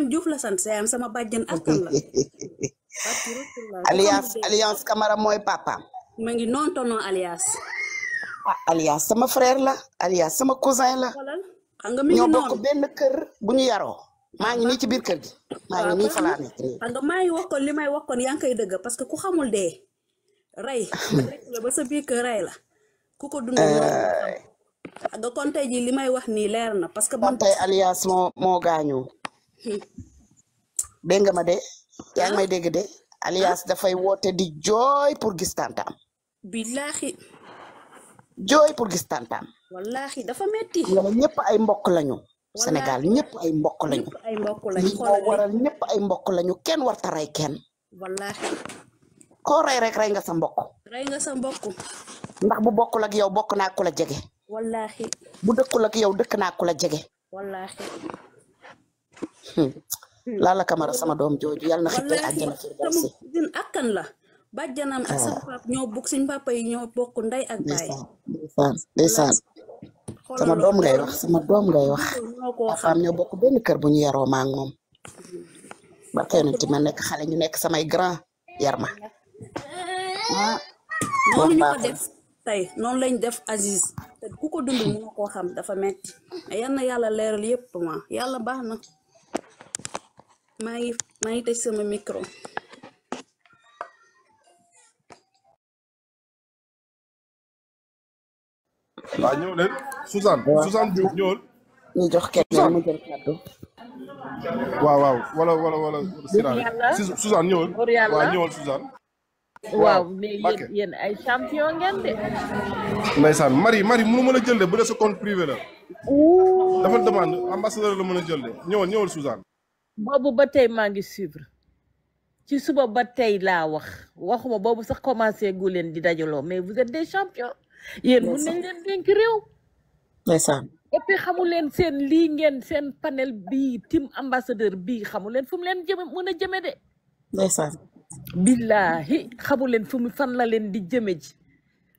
Birame Diouf la sant yaayam sama badjan askan la. Alias, alliance Camara moy papa ma ngi non tono Alias. Ah, alias sama frère la Alias sama cousin la. xam kan nga mi ngi bokk ben kër bu ñu yaroo. maa ngi nii ci bir kër gi. maa ngi nii fa laa nekk xam nga maa ngi kan wax kon li may wax kon yaa ngi koy parce que ku xamul dee. ray la ba sa biir kër ray la. ku ko dund nga eh. kon tay ji limay wax ni leer na parce que. man tay Alias mo mo gañu Benga ma de gede, ah. may de alias ah. fay wote di joy pour gis tantam billahi Wallahi, pour gis tantaam wallaahi dafa metti ñepp ay mbokk lañu senegal ñepp ay mbokk lañu ay mbokk lañu ko waral ñepp ay mbokk lañu kenn warta ray kenn wallahi ko ray rek ray nga sa mbokk ray nga sa mbokk ndax bu bokkul ak yow bokk naa ku la wallahi bu dekkul ak yow dekk na kula jégué wallahi Hmm. Lalla Camara sama doom jooju yàlla na xippee àjjana firdawsi ak kan la bàjjanam ak sama ah. pap ñoo bokk suñ papa yi ñoo bokk ndey ak baay ndeysaan ndeysaan sama doom ngay wax sama doom ngay wax papaam ñoo bokk benn kër bu ñu yaroo maa moom barke yonent ma nekk xale ñu nekk samay grand yar ma ah noonu ñu ko def tey noonu lañ def Aziz ku ko dund mënoo koo xam dafa metti yal na yàlla leeral yëpp ma yàlla baax na maa ngi maa ngi tëj sama micro. waaw ah, ñëw leen Suzanne. waaw Suzanne ñu jox kenn mu jël kàddu. waaw waaw wala wala wala. Suzanne ñëwul. waaw ñëwal Suzanne. waaw mais yéen yéen ay champion ngeen de. ndeysaan Marie Marie mënu mën a jël de bu dee sa compte privé la. dafa demande ambassadeur la mën a jël de ñëwal ñëwal Suzanne. boobu ba tey maa ngi suivre ci suba ba tey laa wax waxuma boobu sax commencé gu leen di dajaloo mais vous êtes des champions. yéen mun nañ leen dénk réew. ndeysaan et puis xamu leen seen lii ngeen seen panel bii team ambassadeur bi xamu leen fu mu leen jëme mën a jëme de. ndeysaan. billahi xamu leen fu mu fan la leen di jëme ji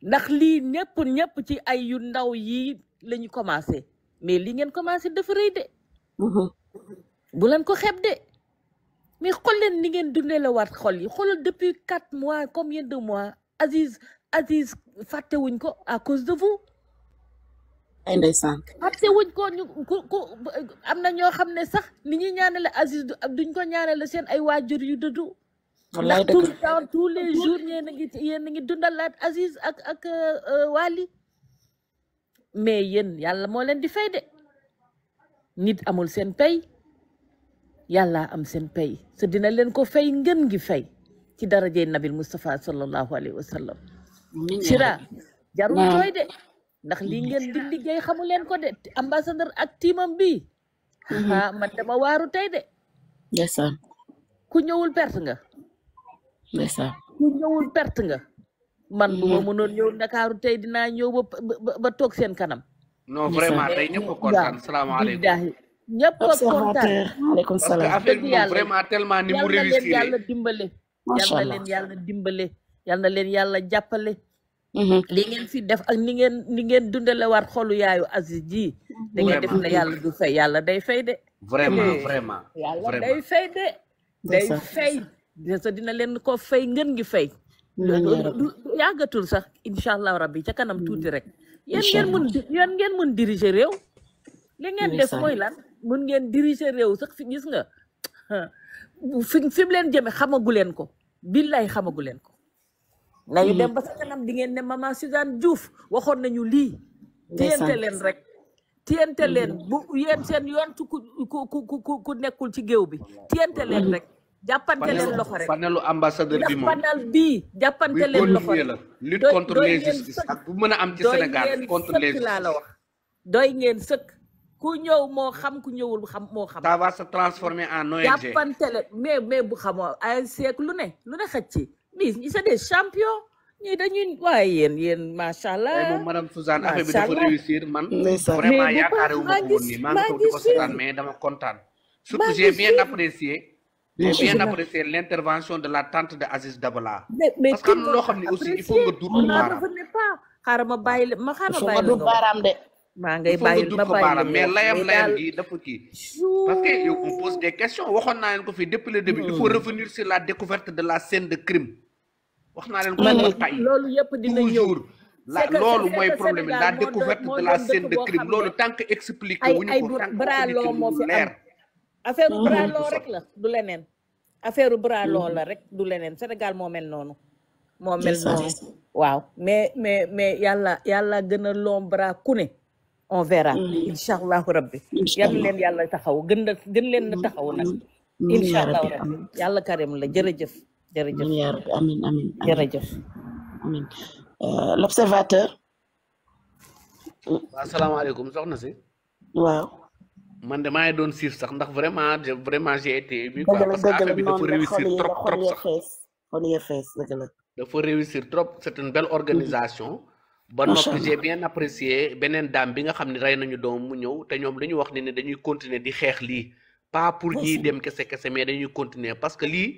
ndax lii ñëpp ñëpp ci ay yu ndaw yii la ñu commencé mais lii ngeen commencé dafa rëy de. Mm-hmm. bu leen ko xeeb de mais xool leen ni ngeen dundee la waat xol yi xoolal depuis quatre mois comme combien de mois Aziz Aziz wuñ ko à cause de vous. ay ndeysaan. fàttewuñ ko ñu ku ku am na ñoo xam ne sax ni ñuy ñaanale Aziz duñ ko ñaanale seen ay waajur yu dëddu. wallaay dëgg tout le temps tous les jours yéen a ngi dundal a ngi dundalaat ak ak euh, mais yéen yàlla moo leen di fay de nit amul seen pay. yalla am sen pay so dina len ko fay ngeen gi fay ci darajey nabi Mustafa sallallahu Alaihi Wasallam. sira jaru toy de ndax li ngeen di liggéey xamu leen ko de ambassadeur ak timam bi ha mhm. man dama waru tay de ndeysaan ku ñewul perte nga ndeysaan ku ñewul perte nga man bu ma mhm. mënoon ñëw ndakaaru tey dinaa ba ba toog kanam non vraiment ko ñëpp assalamu alaykum ñëpp kontaan maaleykum salaam parce que affaire vraiment tellement ni mu réussir yàlla dimbale yàlla leen yàlla dimbale yàlla leen yàlla jàppale mm-hmm. li ngeen fi def ak ni ngeen ni ngeen dundale waat xolu yaayu a ji mm-hmm. da ngeen def ne yàlla du fay yàlla day fay de vraiment eh, vraiment day fay de day fay sa dina leen ko fay ngeen ngi fay yàggatul sax incha allah rabbi ca kanam tuuti rek mm-hmm. yéen ngeen mun yéen ngeen mun diriger réew li ngeen def mooy lan mën ngeen diriger réew sax fi gis nga fi mu leen jëme xamagu leen ko billaay xamagu leen ko nañu hmm. dem ba sa kanam di ngeen ne maman Suzanne Diouf waxoon nañu lii tiyante leen rek tiyante hmm. leen bu yéen seen yoon ku ku ku ku nekkul ci géew bi tiyante leen hmm. rek jàppante leen loxo rek panelu ambassadeur bi moom panel bii jàppante leen loxo rek lutte contre l'injustice ak bu mën a am ci Sénégal contre l'injustice laa la wax doy ngeen sëkk ku ñëw moo xam ku ñëwul xam moo xam. ça va se transformer en ONG. jàppante la mais mais bu xamoo ANC ak lu ne lu ne xëcc ci mais des champions. ñii dañuy waaye yéen yéen allah macha allah eh, moom madame Suzanne affaire réussir man. ma ko woon nii maa ngi toog di mais dama kontaan. surtout j'ai bien apprécié. j'ai bien l' intervention de la tante de Aziz Dabala. parce que loo xam ne aussi il faut nga duru baaraam. xaaral ma bàyyi la ma xaaral ma bàyyi la. du baaraam de. maa ngay bàyyi mais layam layam gi dafa kii. parce que yow on pose des questions waxoon naa leen ko fii depuis le début. il faut hmm. revenir sur la découverte de la scène de crime. wax naa leen ma tay loolu yëpp dina la loolu mooy problème la découverte de la scène de crime loolu tant que expliqué wu ñu ko tant que moo fi leer. affaire hmm. bras long rek la du leneen. affaire bras hmm. la rek du leneen Sénégal moom mel noonu. moo mel noonu waaw mais mais yàlla yàlla gën a long ne. on verra mm. incha allahu rabbi yal leen taxaw gën a gën leen na mm. taxaw nag mm. incha allahu rabbi yàlla karim la jërëjëf jërëjëf amin amin jërëjëf amin euh, l'observateur waaw asalaamaaleykum soxna si waaw man de maa ngi doon siif sax ndax vraiment vraiment j'ai été ému quoi parce que réussir trop trop sax belle mm-hmm. organisation ba noppi j'ai bien apprécié beneen daam bi nga xam ne rey nañu doom mu ñëw te ñoom dañu wax ne ne dañuy continuer di xeex lii pas pour ñiy dem kese kese mais dañuy continuer parce que lii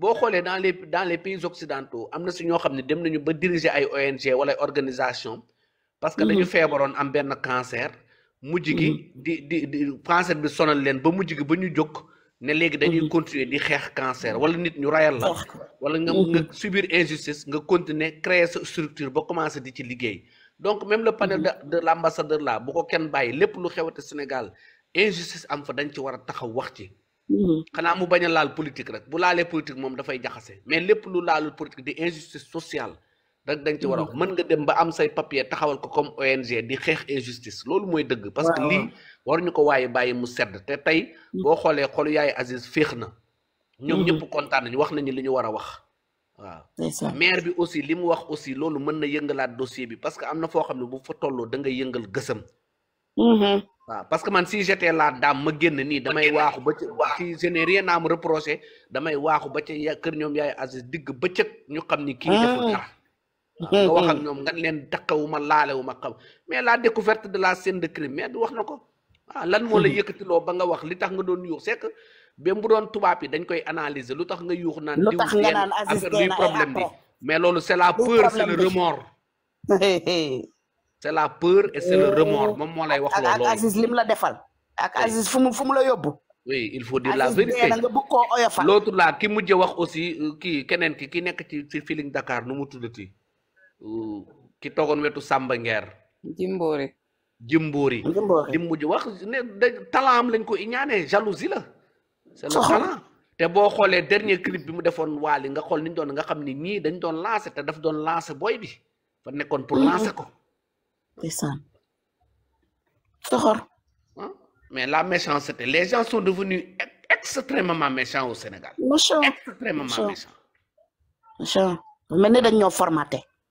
boo xoolee dans les dans les pays occidentaux am na si ñoo xam ne dem nañu ba diriger ay ONG wala organisation parce que dañu mhm. feebaroon am benn cancer mujj gi mhm. di di di cancer bi sonal leen ba mujj gi ba ñu jóg ne léegi dañuy mmh. continuer di xeex cancer wala nit ñu rayal la wala nga nga mmh. subir injustice nga continuer créer sa structure ba commencé di ci liggéey donc même le panel mmh. de de l'ambassadeur là bu ko kenn bàyyi lépp lu xewate Sénégal injustice am fa dañ ci war a taxaw wax ci xanaa mu bañ a laal politique rek bu laalee politique moom dafay jaxase mais lépp lu laalul politique di injustice sociale rek da ci war a wax mën nga dem ba am say papier taxawal ko comme ONG di xeex injustice loolu mooy dëgg. parce que lii ñu ko waaye bàyyi mu sedd te tey. boo xoolee xolu yaay Aziz féex na. ñoom ñëpp mm-hmm. kontaan nañu wax nañu li ñu war a wax. waaw maire bi aussi li mu wax aussi loolu mën na yëngalaat dossier bi parce que am na foo xam ne bu fa tolloo da nga yëngal gësam. Mm-hmm. waaw parce que man si j'étais la dame ma nii damay waaxu ba ca si je n'ai rien damay waaxu ba ca kër ñoom yaay Aziz digg bëccëg ñu xam ni. kii mm-hmm. deful dara. nga wax ak mm-hmm. ñoom nga leen takkawuma laalewuma xaw mais la découverte de la sein de crime mais wax na ko ah, lan moo la mm-hmm. yëkkatiloo ba nga wax li tax nga doon yuux c'est que bu doon tubaab yi dañ koy analyser lu tax nga yuux naan diw seen affaire luy problème bi mais loolu c'est la peur c'est le remords c'est la peur et c'est le eh, remords moom moo lay wax loolu ak Aziz la ak Aziz fu mu la yóbbu il faut dire la vérité l'autre ki mujj wax aussi euh, kii keneen ki ki nekk ci ci Feeling Dakar nu mu tuddati ki toogoon wetu Samba Nguer. Jimboori. Jimboori. Jimboori li mujj wax ne de talent lañ ko iñaane jalousie la. c'est le te boo xoolee dernier clip bi mu defoon waali nga xool ni ñu nga xam ni ñii dañ doon lancé te daf doon lancé boy bi fa nekkoon pour mm-hmm. lancé ko. soxor. mais la méchanceté les gens sont devenus extrêmement méchants au Sénégal. méchant extrêmement méchant. méchant mel ni dañ ñoo formaté.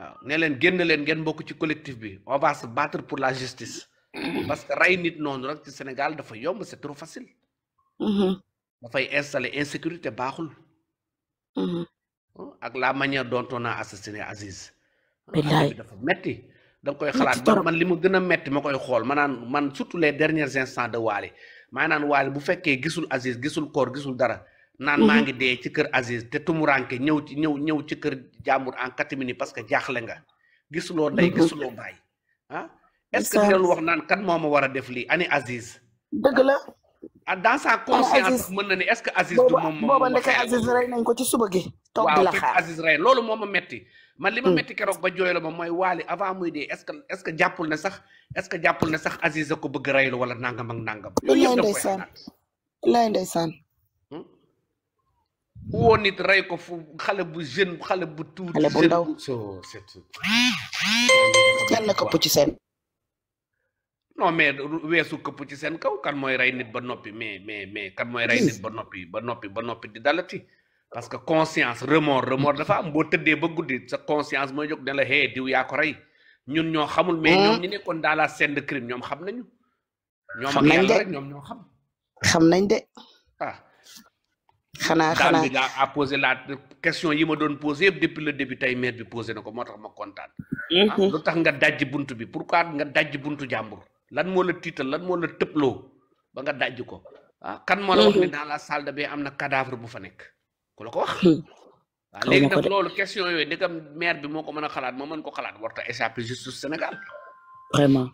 waaw ne leen génn leen ngeen bokk ci collectif bi on va se battre pour la justice parce que rey nit noonu rek ci Sénégal dafa yomb c'est trop facile mm-hmm. dafay installer insécurité baaxul mm-hmm. ah, ak la manière dont on a assassiné ah, dafa metti da koy xalaat ba man li ma gën a metti ma koy xool ma naan man surtout les derniers instants de Wally maa naan Wally bu fekkee gisul Aziz gisul koor gisul dara naan maa mhm. ngi dee ci kër Aziz te tumuranke ñëw ci ñëw ñëw ci kër jàmbur en catimini parce que jaaxle nga gisuloo ndey mhm. gisuloo baay ah est-ce que dinañ wax naan kan moo ma war a def lii ani Aziz dëgg la ah dans sa conscience mën na ne est-ce que Aziz du moom booba ndeke suba gi toog di la xaar Aziz rey ma metti man li ma hmm. metti keroog ba jooy la ma mooy waali avant muy dee est-ce que est-ce que jàppul ne sax est-ce que jàppul ne sax Aziz a ko bëgg reylu wala nangam ak nangam loolu yëpp da koy woo nit rey ko fu xale bu jeune xale bu tuuti. xale bu ndaw lan la këpp ci seen. non mais weesu këpp ci seen kaw kan mooy rey nit ba noppi mais mais mais kan mooy rey nit ba noppi ba noppi di dalati. parce que conscience remords remords dafa am boo tëddee ba guddi sa conscience mooy jóg ne la hee diw ko rey ñun ñoo xamul. mais hmm? ñoom ñu nekkoon dans la scène de crime ñoom xam nañu. ñoom ak yàlla rek ñoom ñoo xam. xam nañ de ah. xanaa xanaa daal la question yi ma doon posé yëpp depuis le début tey maire bi posé na ko moo tax ma kontaan. Mhm. Ah, lu tax nga dajji bunt bi pourquoi nga dajji buntu jàmbur. lan moo la tiital lan moo la tëploo ba nga dajji ko. Ah, kan moo la mhm. la salle de am na cadavre bu fa nekk ku la ko wax. waaw hmm. ah, léegi nag loolu question yooyu ndegam maire bi moo ko mën a xalaat moo mën ko xalaat warta échapper justice Sénégal. vraiment.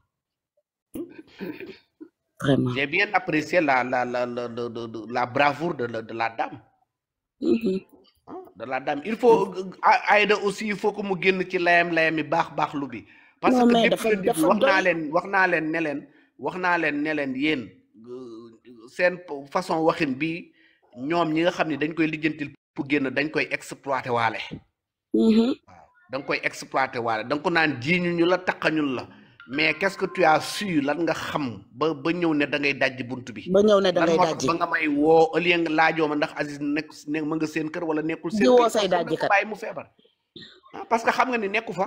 Vraiment. J'ai bien apprécié la, la, la, la, la bravoure de, de, la dame. Mm -hmm. de la dame il faut aider aussi il faut que mu génn ci layam layam yi baax baax lu bi. parce que lépp wax naa leen wax naa leen ne leen wax naa leen ne leen yéen euh, seen façon waxin bi ñoom ñi nga xam ne dañ koy lijjantil pour génn dañ koy exploité waale. Mm-hmm. waaw da nga koy exploité waale da nga ko naan jiiñu ñu la taqañul la. mais qu'est-ce que tu as su lan nga xam ba ba ñëw ne da ngay dajji bunt bi. ba ñëw ne da ngay dajji ba nga may woo au lieu laajoo ma ndax Aziz nekk ne ma nga seen kër wala nekkul. seen kër di say dajji kat bàyyi feebar. Ah, parce que xam nga ni nekku fa.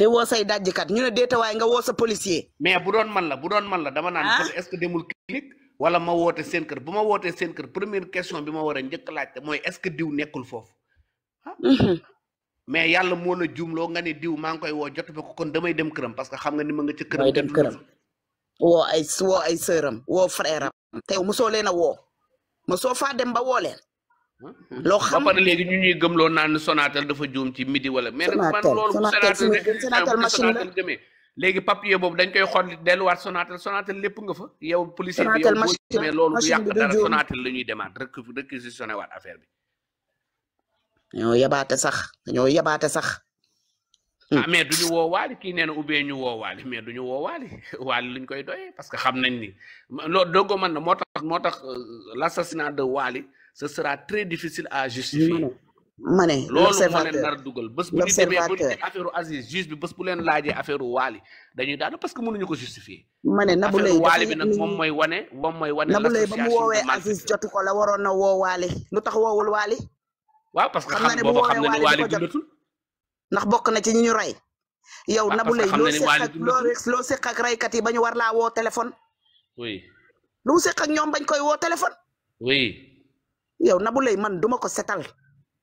woo say dajji kat ñu ne déetawaay nga woo sa policier. mais bu doon man la bu doon man la dama naan. Ah? est ce que demul clinique. ma woote seen bu ma wootee seen kër première question bi ma war a njëkk laajte mooy est ce que diw nekkul foofu. Ah? Mhm. mais yàlla moo la juumloo nga ne diw maa ngi koy woo jotu ko kon damay dem këram parce que xam nga ni nga ci këram. damay dem këram woo ay woo ay sëram woo frère am te mosoo leen a woo mosoo faa dem ba woo leen. Hmm? loo xam ba pare léegi ñu ñuy gëmloo naan Sonatel dafa juum ci midi wala. mais nag man loolu Sonatel Sonatel demee léegi papier boobu dañ koy xool delluwaat Sonatel Sonatel lépp nga fa. yow policier bi yow boo demee loolu du yàq dara Sonatel la ñuy demaat réquisitionné waat affaire bi. dañoo yabaate sax dañoo yabaate sax. Hmm. ah mais du ñu woo waali kii nee na ubbee ñu woo waali mais du ñu woo waali luñ koy doyee parce que xam nañ ni loolu doggo man na moo tax moo tax euh, l'assassinat de waali ce sera très difficile à justifier. ma ne l'observateur loolu moo leen dugal bés bu ñu demee bu ñu affaire Aziz juge bi bu leen laajee affaire waali dañuy daanu parce que mënuñu ko justifier. ma ne Nabou Leye waali moom mooy wane moom mooy wane. Nabou Leye ba mu woowee Aziz jotu ko la waroon na woo waali lu tax woowul waali. waaw parce que xam xam na ne waali dundatul ndax bokk na ci ñu ñu rey yow Nabou Leye loo seq ak loo yi ba ñu war laa woo téléphone oui lu mu ak ñoom bañ koy woo téléphone oui yow Nabou Leye man duma ko setal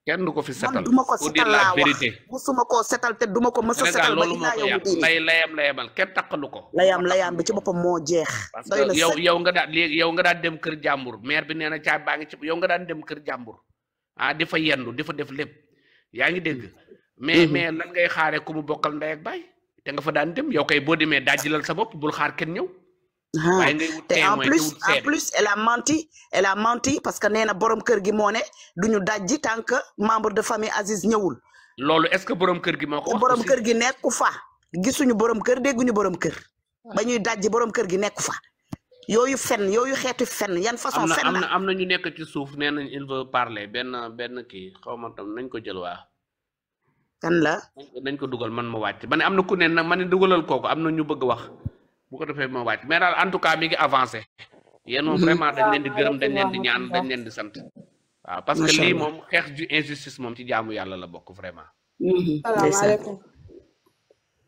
kenn du ko fi setal man duma ko setal laa wax musuma koo setal te duma ko mës a setal ba ilaa na diini lay layam layamal kenn taqalu layaam layam bi ci boppam moo jeex doy na yow yow nga daan léegi yow nga daan kër jàmbur maire bi nee na caa baa ngi ci yow nga daan dem kër jàmbur ah di fa yendu di def lépp yaa ngi dégg. Mm-hmm. mais mm-hmm. mais lan ngay xaaree ku mu bokkal ndey ak baay te nga fa daan dem yow kay boo demee dajjilal sa bopp bul xaar kenn ñëw. Ah. waaye ngay te en plus en plus elle a menti elle menti parce que nee na borom kër gi moo ne du ñu dajji tant que membre de famille Aziz ñëwul. loolu est-ce que borom kër gi moo ko. borom kër gi nekku fa. gisuñu borom kër dégguñu borom kër. Ah. ba ñuy dajji borom kër gi nekku fa. yooyu fen yooyu xeetu fen yan façon fen la am na ñu nekk ci suuf nee nañ il veut parler benn benn kii xaw ma tam nañ ko jël waa kan la nañ ko dugal man ma wàcc ma ne am na ku ne nag ma ne dugalal kooku am na ñu bëgg wax bu ko defee ma wàcc mais daal en tout cas mi ngi avancé yéen moom hmm. vraiment dañ leen di gërëm dañ leen di ñaan dañ leen di sant waaw parce que lii moom xeex ju injustice moom ci jaamu yàlla la bokk vraiment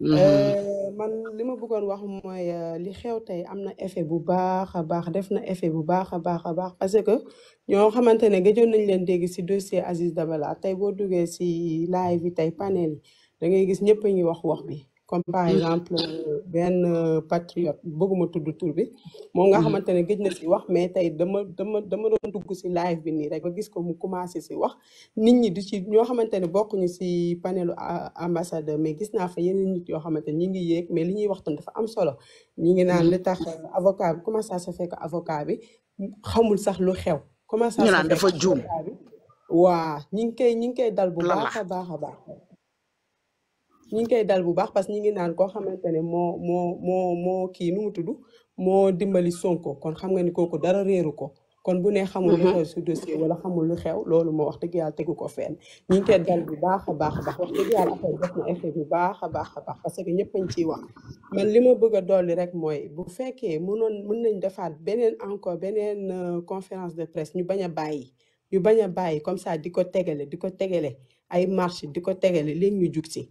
Mmh. Euh, man li ma bëggoon wax mooy euh, li xew tey am na effet bu baax a baax def na effet bu baax a baax a baax parce que ñoo xamante ne gëjoon nañ leen dégg si dossier Aziz Dabala tey boo duggee si live bi tey panel yi da ngay gis ñëpp a wax wax bi. comme par mm. exemple benn patriote bëgguma tudd tur bi moom nga mm. xamante ne gëj na si wax mais tey dama dama dama doon dugg si live bi nii rek ba gis ko mu commencé si wax nit ñi du ci ñoo xamante ne bokkuñu si panelu ambassadeur mais gis naa fa yeneen nit yoo xamante ne ñi ngi yéeg mais li ñuy waxtaan dafa am solo ñi ngi naan mm. li tax euh, avocat bi comment ça se bi xamul sax lu xew comment ça se fait dafa juum waa ñi ngi koy ñi ngi koy dal bu baax a baax baax ñi ngi koy dal bu baax parce que ñu ngi naan koo xamante ne moo moo moo moo kii nu mu tudd moo dimbali Sonko kon xam nga ni kooku dara réeru ko kon bu ne xamul lu mhm. xew su dossier wala xamul lu xew loolu moo wax dëgg yàlla tegu ko fenn ñi ngi koy dal bu baax a baax a baax wax dëgg yàlla affaire def na effet bu baax a baax a baax parce que ñëpp añ ciy wax man li ma bëgg a dolli rek mooy bu fekkee mënoon mën nañ defaat beneen encore beneen euh, conférence de presse ñu bañ a bàyyi ñu bañ a bàyyi comme ça di ko tegale di ko tegale ay marche di ko tegale léegi ñu jug si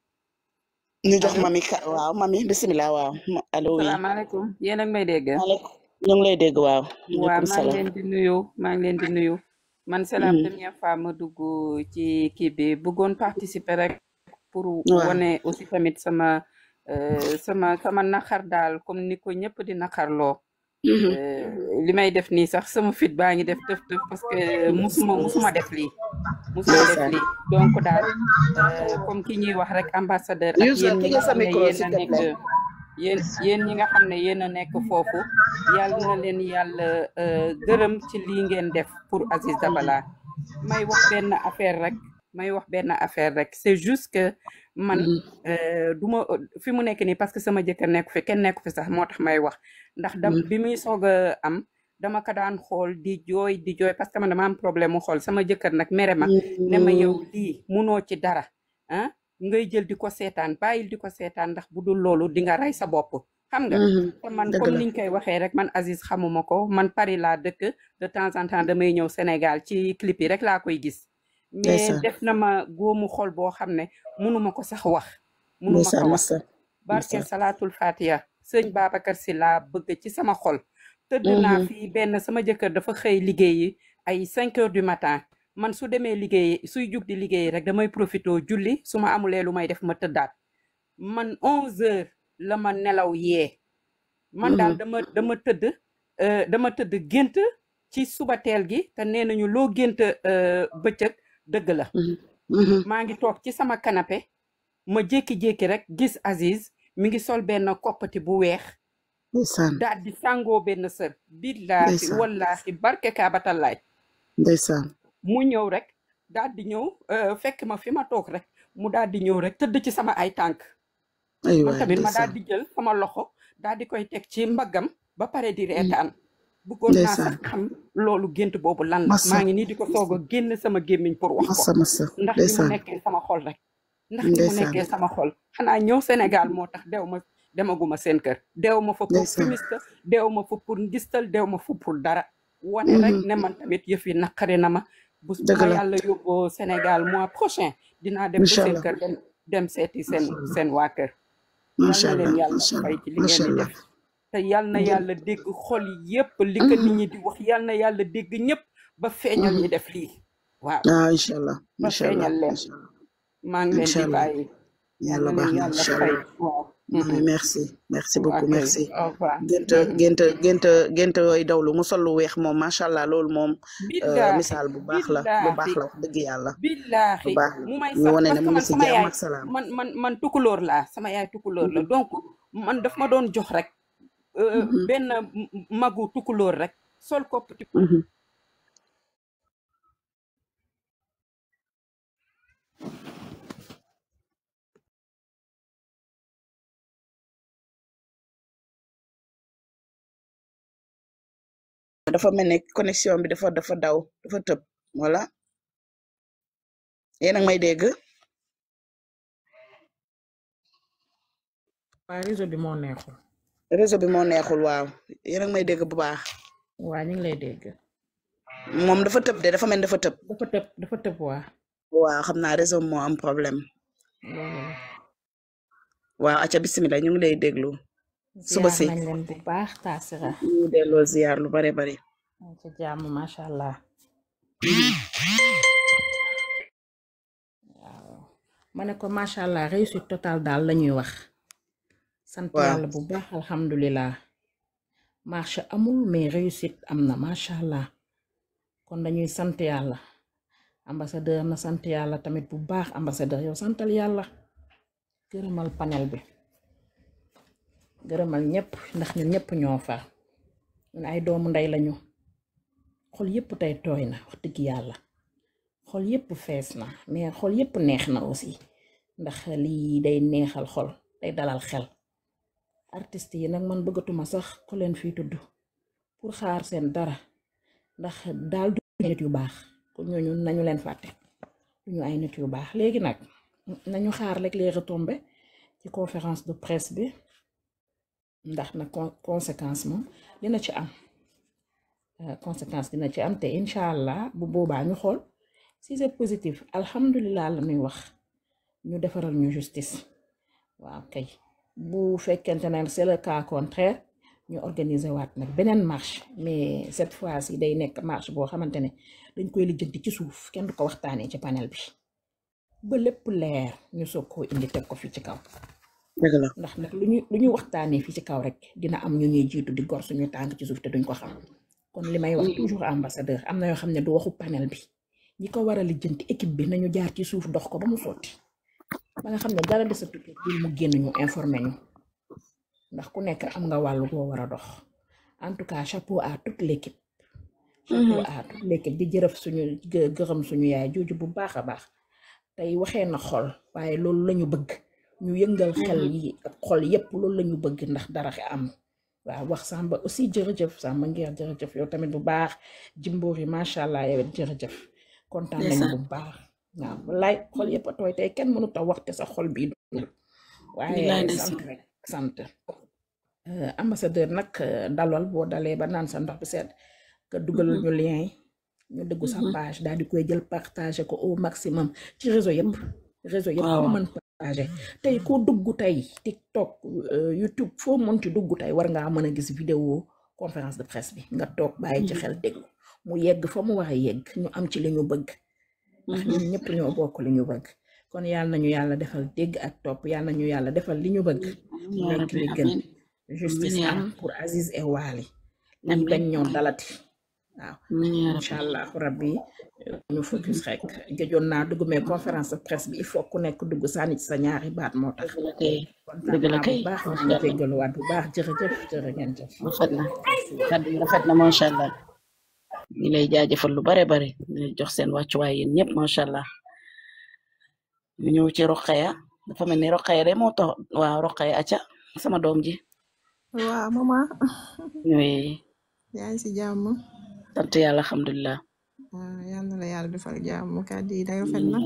ñu jox mami ka waaw mami bisimilah waaw allo. salaamaaleykum yéen a ngi may dégg. maaleykum ngi lay dégg waaw. waaw maa ngi leen di nuyu maa ngi leen nuyu. man c'est la mm. première fois ma dugg ci kii bi bëggoon participer rek. pour wane aussi tamit sama euh, sama sama naxar daal comme ni ko ñëpp di naxarloo. Mm-hmm. Euh, li may def nii sax sama fit baa ngi def tëf tëf parce que musuma musuma def lii musuma def lii donc daal euh, comme ki ñuy wax rek ambassadeur ak yéen ñi nga xam ne yéen nekk yéen yéen ñi nga xam ne yéen a nekk foofu yàlla na leen yàlla euh, gërëm ci li ngeen def pour Aziz Dabala may wax benn affaire rek may wax benn affaire rek c'est juste que man mm-hmm. euh, du ma fi mu nekk nii parce que sama jëkkër nekk fi kenn nekk fi sax moo tax may wax ndax dam mm-hmm. bi muy soog a am dama ko daan xool di jooy di jooy parce que man dama am problème mu xool sama jëkkër nag mere ma ne ma yow mm-hmm. lii munoo ci dara ah ngay jël di ko seetaan bàyyil di ko seetaan ndax bu dul loolu di nga rey sa bopp xam nga te man comme niñ koy waxee rek man Aziz xamuma ko man Paris la dëkk de temps en temps may ñëw Sénégal ci clip rek laa koy gis mais def na ma góomu xol boo xam ne mënuma ko sax wax mënuma barke salaatul fatiha sëñ Babacar si la bëgg ci sama xol tëdd mhm. naa fii benn sama jëkkër dafa xëy liggéeyi ay cinq heures du matin man su demee liggéeyi suy jug di liggéeyi rek damay profité julli su ma amulee lu may def ma tëddaat man onze heures la ma nelaw yee man daal mhm. dama tëdd euh, dama tëdd gént ci suba teel gi te nee nañu loo gént euh, bëccëg dëgg la mm-hmm. Mm-hmm. maa ngi toog ci sama kanape ma jékki-jékki rek gis asis mi ngi sol benn koppati bu weex daal di sàngoo benn sër billaahi wallaahi barke kaabatal laaj ndeysaan mu ñëw rek daal di ñëw euh, fekk ma fi ma toog rek mu daal di ñëw rek tëdd ci sama ay tànk man tamit ma daal jël sama loxo daal di koy teg ci mbaggam ba pare di reetaan bëggoon naa sax xam loolu gént boobu lan la maa ngi nii di ko soog a génn sama gémmiñ pour wax ko ndax li nekke nekkee sama xol rek ndax li nekkee sama xol xanaa ñëw Sénégal moo tax dew ma demaguma seen kër dew ma fa pour fumiste dew ma fa pour ngistal dew ma fa dara wane mm-hmm. rek ne man tamit yëf yi naqari na ma bu ma yàlla yóbboo Sénégal mois prochain dinaa dem seen kër dem seeti seen seen waa kër yal na leen fay ci li ngeen def te yal na yal le xol yépp li ko nit ñi di wax yal na yàlla dégg ñëpp ba feeñal ñu mm-hmm. def li wa ah, incha allah ba feeñal leen maa ngi leen di bàyyi yàlla baax na incha allah ah, mm-hmm. merci merci beaucoup merci genta genta genta genta yooyu dawlu mu sol lu mom. moom macha allah loolu mom. Euh, Misal, bu baax la bu baax la wax dëgg yàlla bu baax la ñu wane ne mu ngi si man man man tukulóor laa sama yaay tukulóor la mm-hmm. donc man daf ma doon jox rek Euh, euh, mm-hmm. benn magu tukulóor rek sol ko petit mm-hmm. dafa mel ne connexion bi dafa dafa daw dafa tëb wala yéen a ngi may dégg. waaye bi moo neexul. réseau bi moo neexul waaw yéen a may dégg bu baax. waaw ñu ngi lay dégg. moom dafa tëb de dafa mel dafa tëb. dafa tëb dafa tëb waa. waaw xam naa réseau moo am problème. waaw acca bisimilah ñu ngi lay déglu. suba si ziar nañ bu baax taasira. ñu delloo ziar lu bare bari ca jàmm macha allah. waaw ma ne allah réussite totale daal la ñuy wax. sant yalla bu baax alhamdullilah marche amul mais réussite amna machallah allah kon dañuy sant yalla ambassadeur na sant yalla tamit bu baax ambassadeur yow santal yalla gërëmal panel bi gërëmal ñepp ndax ñun ñepp ño fa ñun ay doomu nday lañu xol yépp tay toy na wax deug yalla xol yépp fess na mais xol yépp neex na aussi ndax li day neexal xol day dalal xel artiste yi nag man bëggatuma sax ku leen fii tudd pour xaar seen dara ndax daal du nit yu baax kon ñu nañu leen fàtte ñu ay nit yu baax léegi nag nañu xaar rek les retombées ci conférence de presse bi ndax na conséquence moom dina ci am euh, conséquence dina ci am te incha allah bu boobaa ñu xool si c'est positif alhamdulilah la muy wax ñu defaral ñu justice waaw kay bu fekkente ne c'est le cas contraire ñu organiser waat nag beneen marche mais cette fois si day nekk marche boo xamante ne dañ koy lijjanti ci suuf kenn du ko waxtaanee ci panel bi ba lépp leer ñu soog ko indi teg ko fii ci kaw. dëgg la ndax lu ñu lu ñu waxtaanee fii ci kaw rek dina am ñu ñuy jiitu di gor suñu tànk ci suuf te duñ ko xam kon li may wax toujours ambassadeur am na yoo xam ne du waxu panel bi ñi ko war lijjanti équipe bi nañu jaar ci suuf dox ko ba mu sotti. ba nga xam ne dara desatut bi mu génn ñu informé ñu ndax ku nekk am nga wàllu koo war a dox en tout cas chapeau à toute l'équipe chapeau mhm. à di jërëf suñu gërëm suñu yaay jooju bu baax a baax tey waxee na xol waaye loolu lañu bëgg ñu yëngal xel mhm. yi ak xol yépp loolu lañu bëgg ndax dara am waaw wax Samba aussi jërëjëf Samba Nguer jërëjëf yow tamit bu baax yi macha allah yow jërëjëf kontaan nañu bu baax waaw wallaay xol yëpp a tooy tey kenn mënut a wax te sa xol bii du waaye sant rek sant euh, ambassadeur nag euh, dalal boo dalee ba naan sa ndox bu sedd nga dugalal mm-hmm. ñu lien yi ñu dëggu sa mm-hmm. page daal di koy jël partager ko au maximum ci réseau yëpp réseau yëpp ko mën tey ko dugg tey TikTok euh, YouTube foo ci dugg tey war ngaa mën a gis vidéo conférence de presse bi nga toog bàyyi ci mm-hmm. xel déglu mu yegg fa mu war yegg ñu am ci li ñu bëgg Mm-hmm. ñun ñëpp ñoo bokk li ñu bëgg kon yàlla nañu yàlla defal dégg ak topp yàlla ñu yàlla defal li ñu bëgg mu mm-hmm. nekk li gën am pour Aziz et Wali liñ bañ ñoo dalati waaw incha allah rabbi ñu focus rek gëjoon naa dugg mais conférence de presse bi il faut ku nekk dugg sànni ci sa ñaari baat moo tax dëgg la kay bu baax ñu jéggaluwaat bu baax jërëjëf jërë ngeen jëf rafet na ñu lay jaajëfal lu bare bare ñu jox seen wàccuwaay yéen ñëpp macha allah ñu ñëw ci Roqaya dafa mel ni Roqaya de moo tax waaw Roqaya acca sama doom ji. mama. oui. yaa ngi si jàmm. sant yàlla alhamdulilah. yal na la yàlla defal jàmm kàddu yi day rafet na.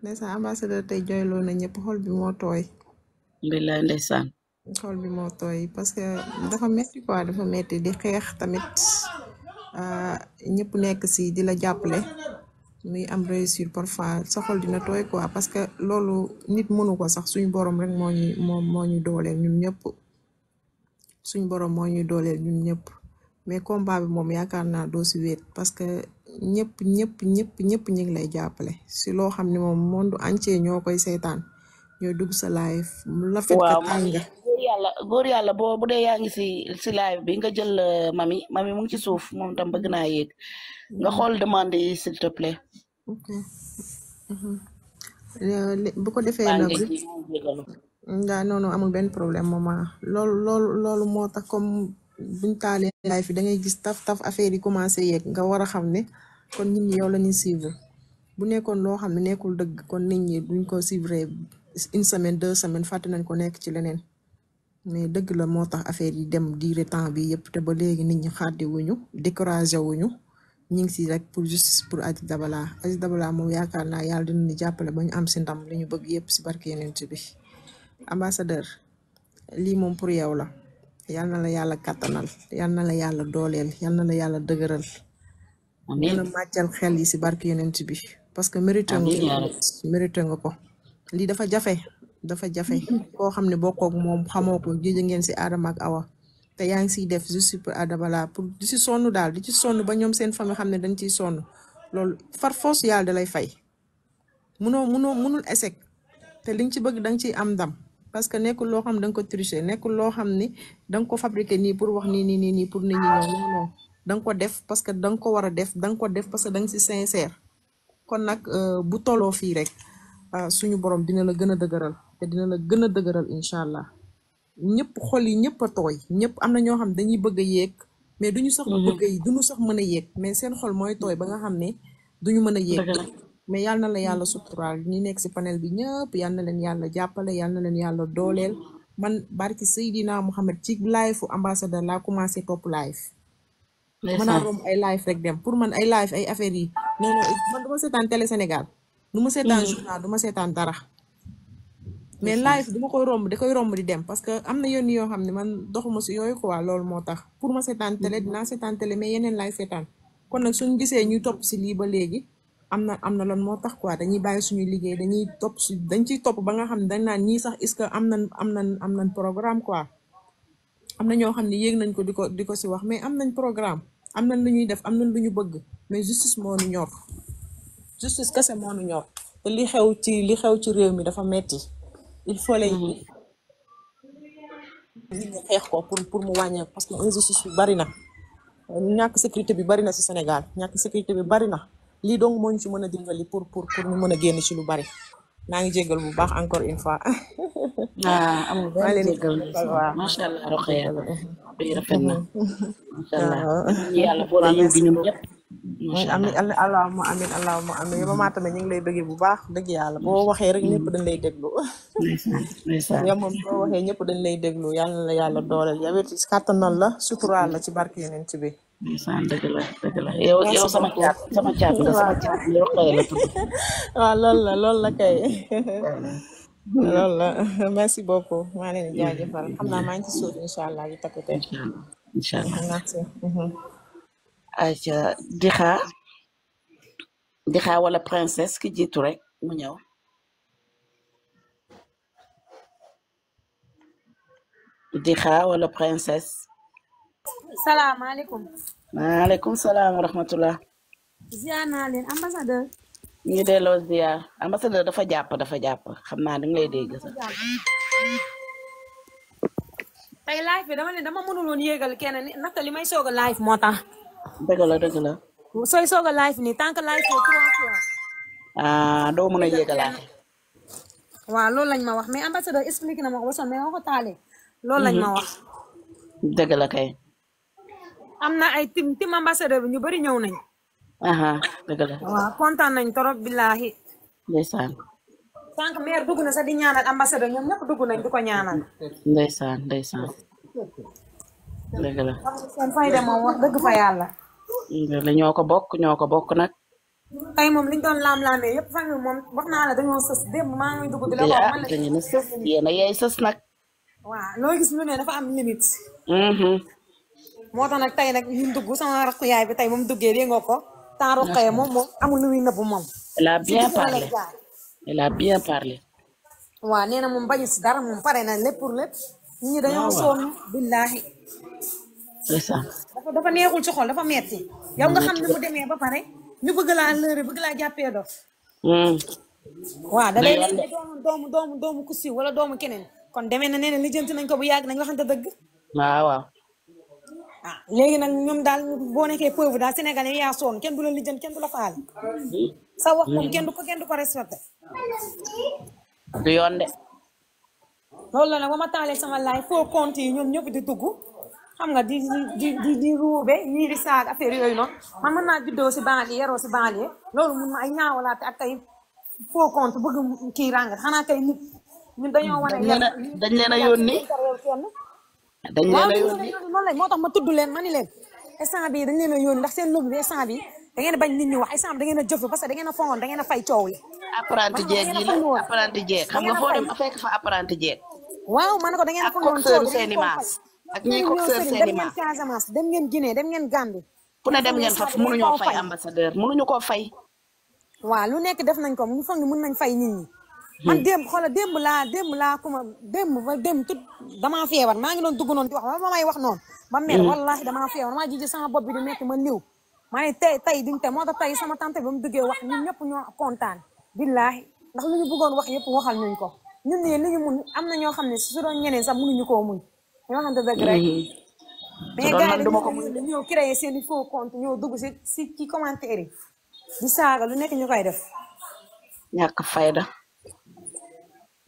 ndeysaan ambassadeur tey jooyloo na ñëpp xol bi moo tooy. alhamdulilah ndeysaan. xol mi moo tooy parce que dafa metti quoi dafa metti di xeex tamit ah, ñëpp nekk si di la jàppale muy am réussir parfois sa xol dina tooy quoi parce que loolu nit mënu ko sax suñu borom rek moo ñu moo ñu dooleel ñun ñëpp suñu borom moo ñuy dooleel ñun ñëpp mais combat bi moom yaakaar naa doo si wéet parce que ñëpp ñëpp ñëpp ñëpp ñu ngi lay jàppale si loo xam ni moom monde entier ñoo koy seetaan ñoo dugg sa live la fekk tàng nga góor yàlla góor yàlla boo bu dee yaa si si live bi nga jël euh, mami mami mu ci suuf moom tam bëgg naa yéeg nga mm-hmm. xool demande yi s'il te plaît. ok mm-hmm. euh, bu ko defee. nag nga non non amul benn problème moment loolu loolu loolu moo tax comme buñ taalee live bi da ngay gis taf taf affaire yi commencé yeeg nga war a xam ne kon nit ñi yow la ñuy suivre bu nekkoon loo xam ne nekkul dëgg kon nit ñi duñ ko suivre une semaine deux semaine fàtte nañ ko nekk ci leneen. mais dëgg la moo tax affaire yi dem diire temps bi yëpp te ba léegi nit ñi xàddi wuñu découragé wuñu ñu ngi si rek pour justice pour Aziz Dabala Aziz Dabala moom yaakaar naa yàlla dinañu jàppale ba ñu am si ndam li ñu bëgg yëpp si barke yeneen bi ambassadeur lii moom pour yow la yal na la yàlla kàttanal yal na la yàlla dooleel yal na la yàlla dëgëral. amiin mën a xel yi si barke yeneen bi parce que mérité nga nga ko lii dafa jafe. dafa jafé mm-hmm. ko xamné bokko ak mom xamoko ko jëjë ngeen si ak Awa té yaa ngi siy def suis pour adam la pour di ci sonu dal di ci sonu ba ñom seen fami xamné dañ ci sonu lool far force yalla dalay fay mëno mëno munul échec té liñ ci bëgg da ci am dam parce que nekul lo xam da ko tricher nekul lo xam ni da ko fabriquer ni pour wax ni ni ni pour nit ñi non non da ko def parce que da ko wara def da ko def parce que da ci sincère kon nag euh, bu tolo fi rek euh, suñu borom dina la gëna dëgëral. te dina la gën a dëgëral incha allah ñëpp xol yi ñëpp a tooy ñëpp am na ñoo xam dañuy bëgg a yéeg mais duñu sax mhm. bëgg yi duñu sax mën a yéeg mais seen xol mooy tooy ba nga xam ne duñu mën a yeeg mais yal na la yàlla suturaal ñi nekk si panel bi ñëpp yal na leen yàlla jàppale yal leen yàlla dooleel man barki Seydina Mouhamed ci live fu ambassadeur laa commencé topp live mën a romb ay live rek dem pour man ay live ay affaires yi non non seetaan télé Sénégal ma seetaan mhm. journal du ma seetaan dara mais live duma koy romb da koy romb di dem parce que am na yoon yoo xam ne man doxuma si yooyu quoi loolu moo tax pour ma seetaan télé mm-hmm. dinaa seetaan télé mais yeneen laay seetaan kon nag suñu gisee ñuy topp si lii ba léegi am na am na lan moo tax quoi dañuy bàyyi suñu liggéey dañuy topp si dañ ciy topp ba nga xam ne dañ naan ñii sax est-ce que am na am nañ am nañ programme quoi am na ñoo xam ne yéeg nañ ko di ko di ko si wax mais am nañ programme am nañ lu ñuy def am nañ lu ñu bëgg mais justice moo nu ñor justice kese moo nu ñor te li xew ci li xew ci réew mi dafa metti il faut lay mm-hmm. xeex ko pour mu wàññeeku parce que injustice bi bari na ñàkk sécurité bi bari na ci Sénégal ñàkk sécurité bi bari na lii donc mooñu ñu ci mën a dimbali pour pour pour ñu mën a génne ci lu bari naa ngi jégal bu baax encore une fois. ah amul benn jégal macha rafet na mm-hmm. amin allahuma amin allahuma amin yow ma tamit ñu ngi lay bëggee bu baax dëgg yàlla boo waxee rek ñëpp lay déglu yow moom boo waxee ñëpp dañ lay déglu yàlla la yàlla dooleel yow it la suturaal la ci barke yeneen ci bi ndeysaan dëgg la dëgg la yow yow sama la la roqee la tudd waaw la loolu la kay loolu la merci beaucoup maa leen jaajëfal xam naa maa ngi ci suuf incha allah ñu takkute ay dixa dixa wala princesse ki jiitu rek mu ñëw dixa wala princesse salaamaaleykum maaleykum salaam wa rahmatullah ziar naa leen ambassadeur ñu delloo ziar ambassadeur dafa jàpp dafa jàpp xam naa dañ lay dégg sax live bi dama ne dama mënuloon yéegal kenn naka li may soog live moo dëgg la dëgg la. sooy soog a live nii tant que live ko trois ah doo mën a yéegalaate. waaw loolu lañ ma wax mais ambassadeur expliqué na ma ko ba mais ma ko taalee. loolu lañ ma mhm. wax. dëgg la kay. am na ay tim tim ambassadeur bi ñu bëri ñëw nañ aha dëgg la. waaw kontaan nañ trop billahi. ndeysaan. sànq maire dugg na sax di ñaanal ambassadeur ñoom ñëpp dugg nañ di ko ñaanal. dëgg la seen fayda moom wax yàlla. dëgg ñoo ko bokk ñoo ko bokk nag. tey mom liñ doon laam-laamee yëpp fan moom wax naa la dañoo sës démb maa ngi dugg. di la wax man la dañu ne sës yéen a yey sës nag. waaw loo gis lu ne dafa am limite. Mm-hmm. moo tax nag tey nag ñun dugg sama rakk yaay bi tey moom duggee dégg nga ko. temps roqee moom moom amul lu muy nëbbu moom. elle a bien parlé elle a bien parlé. waaw nee na moom si dara moom pare na lépp pour lépp. ñi dañoo ah, sonn billaahi. dafa dafa neexul ci xol dafa metti yow nga xam ne mu demee ba pare ñu bëgg laa lëre bëgg laa jàppee dof hmm. waaw da lay doomu doomu doomu doomu ku wala doomu keneen kon demee na nee na lijjanti nañ ko bu yàgg nañ waxante dëgg waaw waaw ah léegi nag ñoom daal boo nekkee pauvre daal Sénégal yi yaa sonn kenn du la lijjanti kenn du la faale sa wax moom kenn du ko kenn du ko respecté du yoon de loolu la nag ba ma taalee sama live foo compte yi ñoom ñëpp di dugg xam nga di di di di ruube ñii di saag affaire yooyu noonu man mën naa juddoo si banlieue yaroo si banlieue loolu mun na ay ñaawalaate ak ay compte bëgg kii rànga xanaa kay nit ñun dañoo wane dañ leen a yónni dañ leen a yónni noonu lañ moo tax ma tudd leen ma ni leen instant bii dañ leen a yónni ndax seen lobby bi instant bii da ngeen bañ nit ñi wax instant bi da ngeen a jëf parce que da ngeen a fongoon da a fay coow li apprenti jeeg waaw ma ne ko da ngeen a fongoon seeni maas ak ñi ko sër seen ma ngeen Casamance dem ngeen Guinée dem ngeen Gambie. fu ne dem ngeen fa mënuñoo fay waaw lu nekk def nañ ko mu foog mën nañ fay nit ñi. Hmm. man démb xoolal démb laa démb laa kuma démb ba démb tut damaa feebar maa ngi doon dugg noonu di wax ba may wax noonu. ba mel hmm. wallahi maa jiji sama bopp bi du nekk ma niw maa ne tey tey duñ tey moo sama tante ba mu duggee ñun ñëpp ñoo kontaan. billaahi ndax lu ñu bëggoon wax yëpp waxal nuñ ko ñun nii li ñu mun am na ñoo xam ne su doon ñeneen sax ñu koo muñ ñu waxante dëgg rek. mais gars yi dañoo ñëw créé seen i faux compte ñëw dugg si si ci commentaire yi. di saaga lu nekk ñu koy def. ñàkk fayda.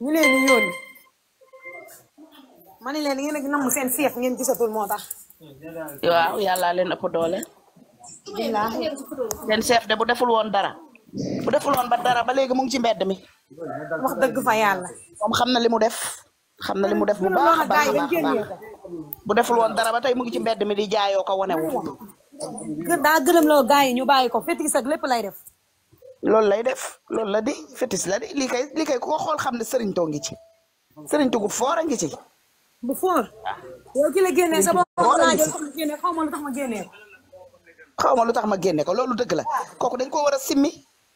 ñu leen di yónni. ne leen ngeen a namm seen féex ngeen gisatul moo tax. waaw yàlla leen ëpp doole. billaahi seen chef de bu deful woon dara. bu deful woon ba dara ba léegi mu ngi ci mbedd mi. wax dëgg fa yàlla. moom xam na li mu def. xam na li mu def bu baax a baax bu deful woon dara ba tey mu ngi ci mbedd mi di jaayoo ko wane wu. daa gërëm loo yi ñu bàyyi ko fétis ak lépp lay def. loolu lay def loolu la di fétis la di ko xool xam ne sëriñ ngi ci sëriñ tugu foor a ngi ci. bu foor. yow ki la ma lu tax ma génne ko loolu dëgg la kooku dañ koo war a simmi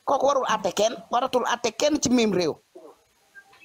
kooku warul àtte kenn waratul àtte kenn ci miim réew.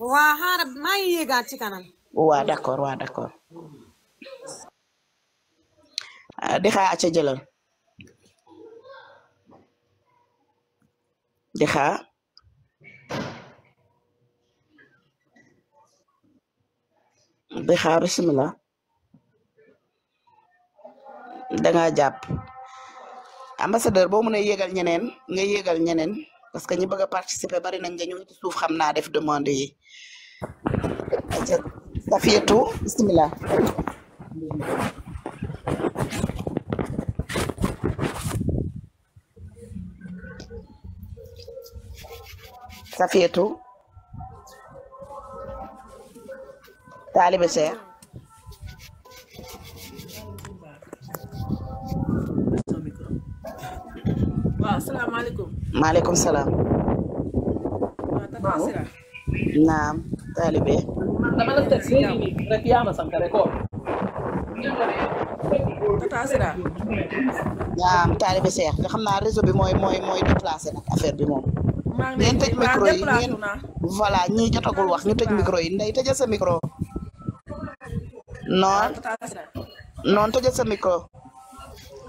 Wahara maye gati kanan. Wa d'accord, wa d'accord. Ah, Dexa aca jëlal. Dexa. Dexa bismillah. Da nga jàpp. Ambassadeur boo mën a yégal ñeneen nga yégal ñeneen parce que ñi bëgg a participer bari nañ dañu ngi suuf xam naa def demande yi Safiyatu bismillah Safiyatu taalibe Cheikh waaw asalaamaaleykum maaleykum salaam. waaw. naam. taalibe. dama la Seex nga xam na réseau bi mooy mooy mooy déplacé nag affaire bi moom. maa ngi tëj micro yi ngeen voilà ñii jotagul wax ñu tëj micro yi ndey tëjal sa micro. non non tëjal sa micro. Ah.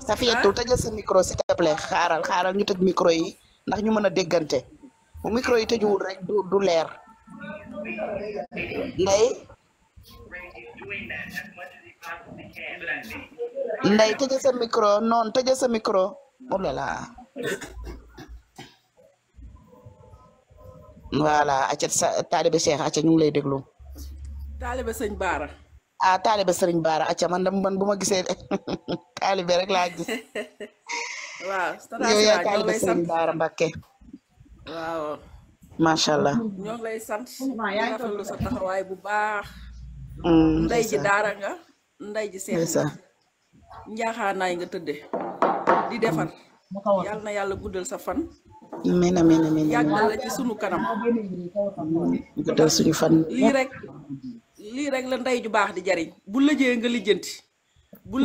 Safiatou tëjal sa micro s'il te plaît xaaral xaaral ñu tëj micro yi. ndax ñu mën a déggante bu micro yi tëjuwul rek du leer nday nday tëjee sa micro noonu tëjee sa micro oh là là voilà acca sa taalibe Cheikh acca ñu ngi lay déglu. taalibe sëñ Baara. ah taalibe sëriñ Baara acca man man bu ma gisee taalibe rek laa gis. waaw yow yaa kaay def sëriñ Baara Mbàkke waaw macha allah ñoo lay sant rafetlu sa taxawaay bu baax mm, ndey ji daara nga ah. ndey ji seex njaaxaanaay nga tëdde di defar mm. yàlla na yàlla guddal sa fan amiin amiin amiin yàggal la ci sunu kanam guddal suñu fan lii rek lii rek la ndey ju baax di jariñ bu lëjee nga lijjanti bu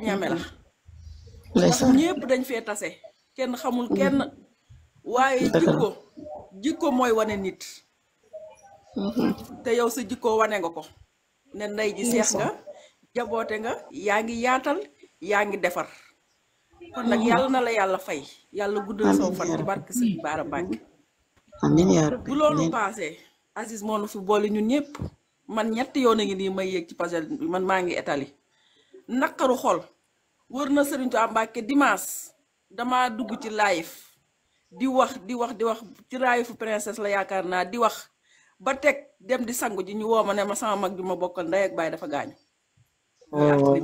nga ba la ñepp dañ fi tassé kenn xamul kenn mm-hmm. waye jikko jikko moy wané nit mm-hmm. té yow sa jikko wané nga ko né nday ji seex nga jaboté nga yaangi yaatal yaangi défar kon nak mm-hmm. yalla na la yalla fay yalla guddal so fan ci barke seigne bara bank amin ya rabbi bu lolu passé aziz mo fi boole ñun ñepp man ñett yoon nga ni may ci man maangi étali nakaru xol Warna na Serigne Touba Mbacké dimanche dama dugg ci live di wax di wax di wax ci live princesse la yakarna di wax ba tek dem di sangu ji ñu woo ma ne ma sama mag bi ma bokkal nday ak baay dafa gañu oh,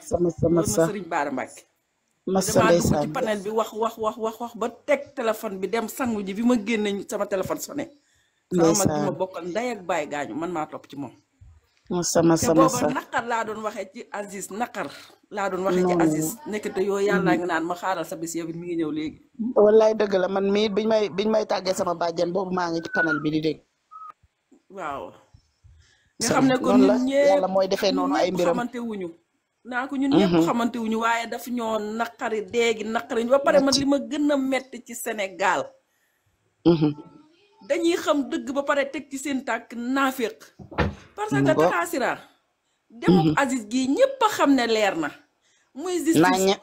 sama sama sa Serigne Bara Mbacké. sama dama dugg ci panel bi wax wax wax wax wax ba teg téléphone bi dem sangu ji bi ma génne sama téléphone sonné. sama mag ju ma bokkal ndey ak baay gaañu man maa topp ci moom. sama sama sama te booba doon waxee ci Aziz naqar. laa doon waxee ci Aziz nekk te yoo yàlla mm-hmm. nga naan ma xaaral sa bis yow it mi ngi ñëw léegi. wallaay dëgg la man mii biñ may biñ may tàggee sama bàjjen boobu maa ngi ci bi di dégg. ne kon ñun ñëpp yàlla mooy defee noonu ay mbiram xamante wuñu. naa ko ñun ñëpp mm-hmm. xamante wuñu waaye daf ñoo naqari déegi naqari ba pare man li ma gën a metti ci Sénégal. Mm-hmm. dañuy xam dëgg ba pare teg ci seen tàkk naaféq. parce que Tata demam mhm. Aziz gi ñëpp xam ne leer na. muy justice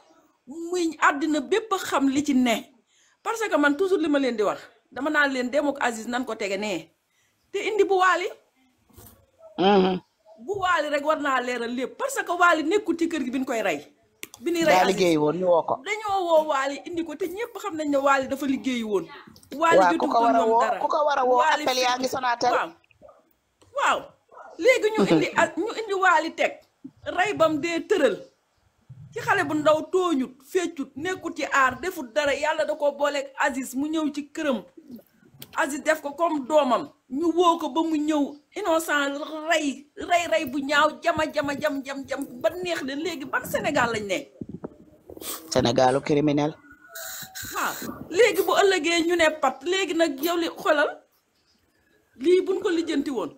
muy àddina bépp a xam li ci ne. parce que man toujours li ma leen di wax dama naa leen dem ak Aziz nan ko tege nee te indi bu waali. Mhm. bu waali rek war naa leeral lépp parce que waali nekkul ci kër gi bi koy rey. bi ñuy rey Aziz woon ñu ko. dañoo woo waali indi ko te ñëpp xam nañ ne waali dafa liggéey woon. waali jotul ko ko war a woo ku war a woo appel yaa ngi sonatel waaw. léegi ñu indi ñu indi waali teg rey bam dee tëral ci xale bu ndaw tooñut feccut nekkut ci aar defut dara yàlla da ko booleek Aziz mu ñëw ci këram Aziz def ko comme doomam ñu woo ko ba mu ñëw innocent rey rey rey bu ñaaw jama jama jam jam jam ba neex leen léegi ban Sénégal lañ ne. Sénégalu criminel. waaw léegi bu ëllëgee ñu ne pat léegi nag yow li xoolal lii buñ ko lijjanti woon.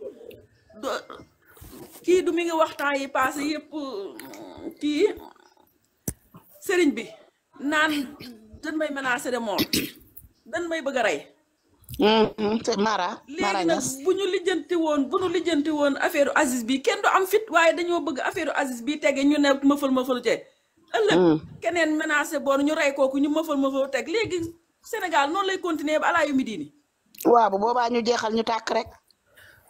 kii du mi ngi waxtaan yi passé yëpp kii sëriñ bi naan dañ may menacé de mort dañ may bëgg a rey. Mm-hmm. Mara Mara Niass léegi nag bu ñu lijjanti woon bu ñu lijjanti woon affaire Aziz bi kenn du am fit waaye dañoo bëgg affaire Aziz bi tege ñu ne mëfal mëfal teg. ëllëg mm. keneen menacé boon ñu rey kooku ñu mëfal mëfal teg léegi Sénégal noonu lay continuer ba alaa yu diini. waaw boobaa ñu jeexal ñu tàkk rek.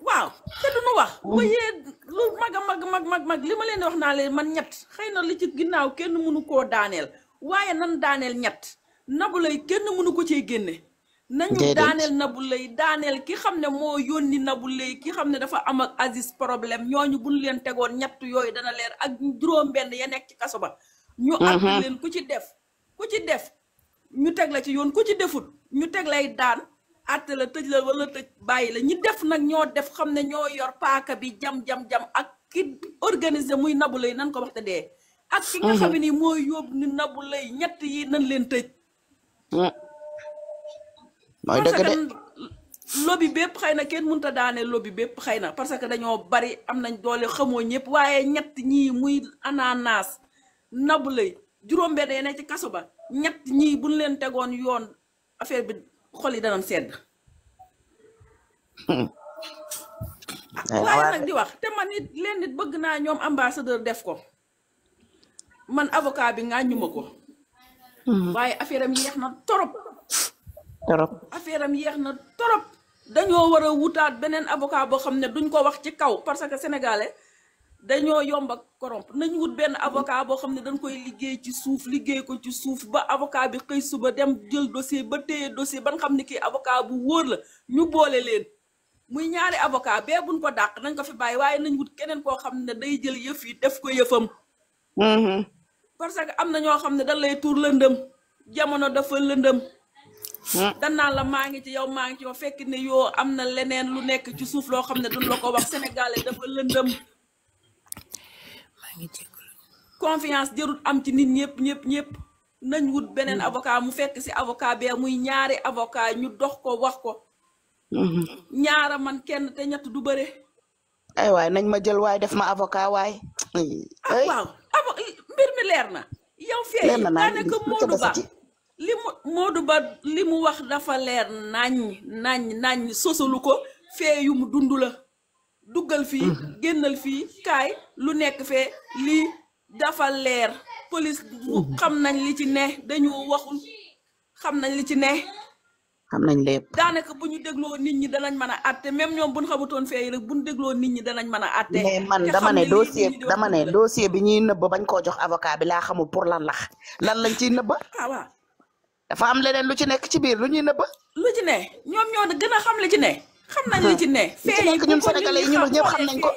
waaw te duñu wax ba yee lu mag a mag mag mag mag li ma leen wax naa leen man ñett xëy na li ci ginnaaw kenn mënu koo daaneel waaye nan daaneel ñett nagu lay kenn mënu ko cee génne nañu daaneel nabu lay daaneel ki xam ne moo yónni nabu lay ki xam ne dafa am ak Aziz problème ñooñu buñ leen tegoon ñett yooyu dana leer ak juróom benn ya nekk ci kaso ba ñu àtt mhm. leen ku ci def ku ci def ñu teg la ci yoon ku ci defut ñu teg lay daan àtte la tëj la wala tëj bàyyi la ñi def nag ñoo def xam ne ñoo yor paaka bi jam jam jam ak ki organiser muy nabu lay nan ko te dee. ak ki nga mhm. xam ni nabu lay ñett yi nan leen tëj. Mhm. mooy dëgg de lobby bépp xëy na kenn mënut a daane lobby bépp xëy na parce que dañoo bari am nañ doole xamoo ñëpp waaye ñett ñii muy ananas nabu lay juróom-benn yi ci kaso ba ñett ñii buñ leen tegoon yoon affaire bi. xol yi danañ sedd. Hmm. waaye nag di wax te man it leen nit bëgg naa ñoom ambassadeur def ko man avocat bi nga ñuma ko. Hmm. waaye affaire am yéex na torop. torop affaire am yéex na torop. dañoo war a wutaat beneen avocat boo xam ne duñ ko wax ci kaw parce que sénégalais dañoo yomb ak corrompre nañ wut benn avocat boo xam ne dañ koy liggéey ci suuf liggéey ko ci suuf ba avocat bi xëy suba dem jël dossier ba téye dossier ban xam ne kii avocat bu wóor la ñu boole leen muy ñaari avocat bee buñ ko dàq nañ ko fi bàyyi waaye nañ wut keneen koo xam ne day jël yëf yi def ko yëfam mm-hmm. parce que am na ñoo xam ne dañ lay tuur lëndëm jamono dafa lëndëm mm. dan danaan la maa ngi ci yow maa ngi ci yow fekk ne yoo am na leneen lu nekk ci suuf loo xam ne duñ la wax sénégalais dafa lëndëm maa ngi confiance jërut am ci nit ñëpp ñëpp ñëpp nañ wut beneen avocat mu fekk si avocat bee muy ñaari avocat ñu dox ko wax ko mhm. ñaara man kenn te ñett du bëre ay waay nañ ma jël waay def ma avocat waay ah waaw mbir mi leer na yow fee daanaka Modou Ba li mu Modou Ba li mu wax dafa leer nañ nañ nañ sosalu ko fee mu dund la duggal fii mhm. génnal fii kaay lu nekk fee lii dafa leer police mhm. xam nañ li ci ne dañu waxul xam nañ li ci ne xam nañ lépp daanaka bu ñu dégloo nit ñi danañ mën a àtte même ñoom bu ñu xamutoon fee rek bu ñu dégloo nit ñi danañ mën a àtte mais man dama ne dossier dama ne dossier bi ñuy nëbba bañ koo jox avocat bi laa xamul pour lan lax lan lañ ciy nëbba ah, dafa am leneen lu ci nekk ci biir lu ñuy nëbba lu ci ne ñoom ñoo gën xam li ci ne xam nañ ya, ya ya li ci ne. fee yi ñun sénégalais yi ñun ñëpp xam nañ ko.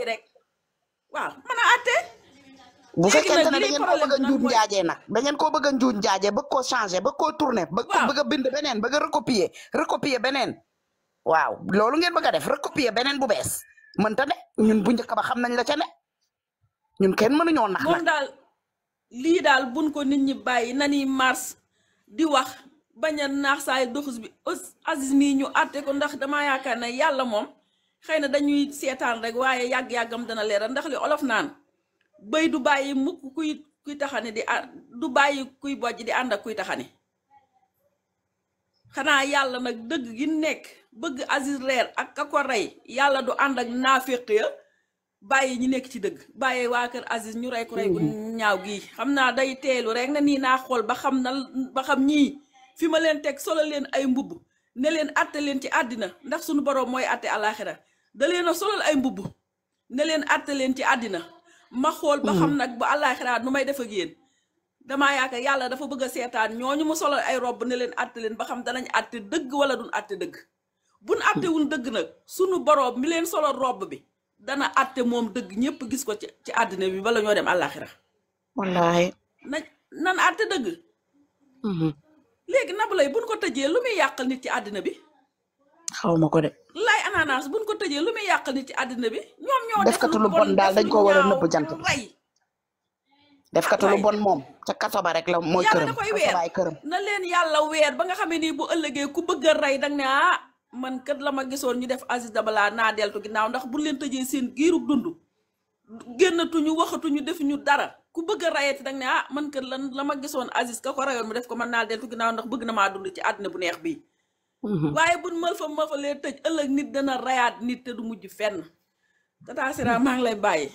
waaw mën a àtte. bu fekkente ne da ngeen koo bëgg a njuuñ njaajee nag da ngeen koo bëgg a njuuñ njaajee bëgg koo changé bëgg koo tourné. waaw bëgg bëgg a bind beneen bëgg a recopier recopier beneen. waaw loolu ngeen bëgg a def recopier beneen bu bees mënta ne ñun bu njëkk ba xam nañ la ca ne ñun kenn mënuñoo nax nag. lii daal buñ ko nit ñi bàyyi nani mars di wax. bañ a naax saay doxus bi Aziz mii ñu àtte ko ndax dama yaakaar na yàlla moom xëy na dañuy seetaan rek waaye yàgg-yàggam dana leeral ndax li olof naan bëy du bàyyi mukk kuy kuy taxani di du bàyyi kuy bojj di ànd ak kuy taxani xanaa yàlla nag dëgg gi nekk bëgg Aziz reer ak ka ko rey yàlla du ànd ak naaféq ya bàyyi ñi nekk ci dëgg bàyyi waa kër Aziz ñu rey ko rey gu mm-hmm. ñaaw gii xam naa day teelu rek na nii naa xool ba xam na ba xam ñii fi ma leen teg solal leen ay mbubb ne leen atte leen ci àddina ndax suñu boroom mooy atte alaxira da leen a solal ay mbubb ne leen atte leen ci àddina ma xool ba xam mm-hmm. nag bu alaxira nu may def ak yéen damaa yaakaar yàlla dafa bëgg seetaan ñoo ñu mu solal ay robb ne leen atte leen ba xam danañ atte dëgg wala duñ atte dëgg buñ attewul dëgg nag sunu boroom mi leen solal robb bi dana atte moom dëgg ñëpp gis ko ci ci àddina bi bala ñoo dem alaxira wallaahi na nan atte dëgg mm-hmm. léegi Nabou lay buñ ko tëjee lu mi yakal nit ci àddina bi xawma ko de lay ananas buñ ko tëjee lu mi yakal nit ci àddina bi ñom ñoo def katu bon dal dañ ko wara a jant def katu bon mom ca kaso ba rek la moy kërëm kasobaay kërëm na leen yalla wër ba nga xamé ni bu ëllëgé ku bëgg ray dag na ah, man kët lama ma gisoon ñu def Aziz Dabala na deltu ginaaw ndax buñ leen tëjee seen dundu gennatu ñu waxatu ñu def ñu dara ku bëgg a rayati danga ne ah man kër lan la ma gisoon Aziz ka ko rayoon mu def ko man naa deltu ginnaaw ndax bëgg na maa dund ci àddina bu neex bii mhm. waaye bu mal fa mal fa lee tëj ëllëg nit dana rayaat nit te du mujj fenn tata mhm. maa ngi lay bàyyi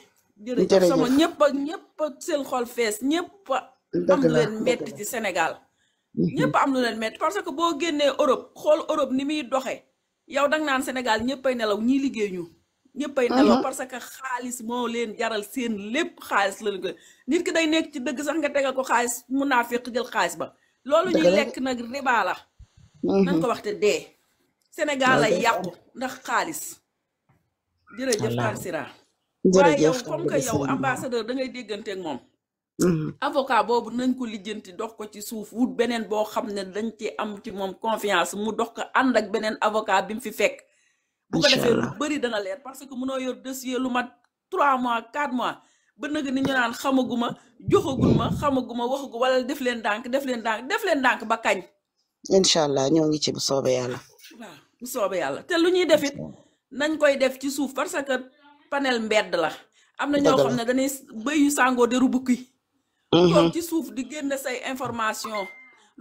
jërëjëf sama ñëpp a ñëpp a seen xool fees ñëpp a am lu leen metti ci Sénégal mhm. ñëpp am lu leen metti parce que boo génnee Europe xool Europe ni muy doxe yow danga naan Sénégal ñëpp ay nelaw ñii liggéey ñu ñëpp ay nelaw parce que xaalis moo leen jaral seen lépp xaalis la ko nit ki day nekk ci dëgg sax nga tegal ko xaalis mun naa fekk jël xaalis ba loolu ñuy lekk nag riba la mhm. nan ko waxte dee Sénégal lay yàqu ndax xaalis jërëjëf Tansira waaye yow comme que yow ambassadeur da ngay déggante moom mhm. avocat boobu nañ ko lijjanti dox ko ci suuf wut beneen boo xam ne dañ ci am ci moom confiance mu dox ko ànd ak beneen avocat bi mu fi fekk bu ko defee bëri dana leer parce que mënoo yor dossier lu mat 3 mois 4 mois ba nag ni ñu naan xamaguma joxagul ma xamaguma waxagu wala def leen ndànk def leen ndànk def leen ndànk ba kañ. incha allah ñoo ngi ci bu soobee yàlla. waaw soobee yàlla te lu ñuy def it nañ koy def ci suuf parce que panel mbedd la. am na ñoo xam ne dañuy bëy yu sàngoo deru bukki. Mhm. toog ci suuf di génn say information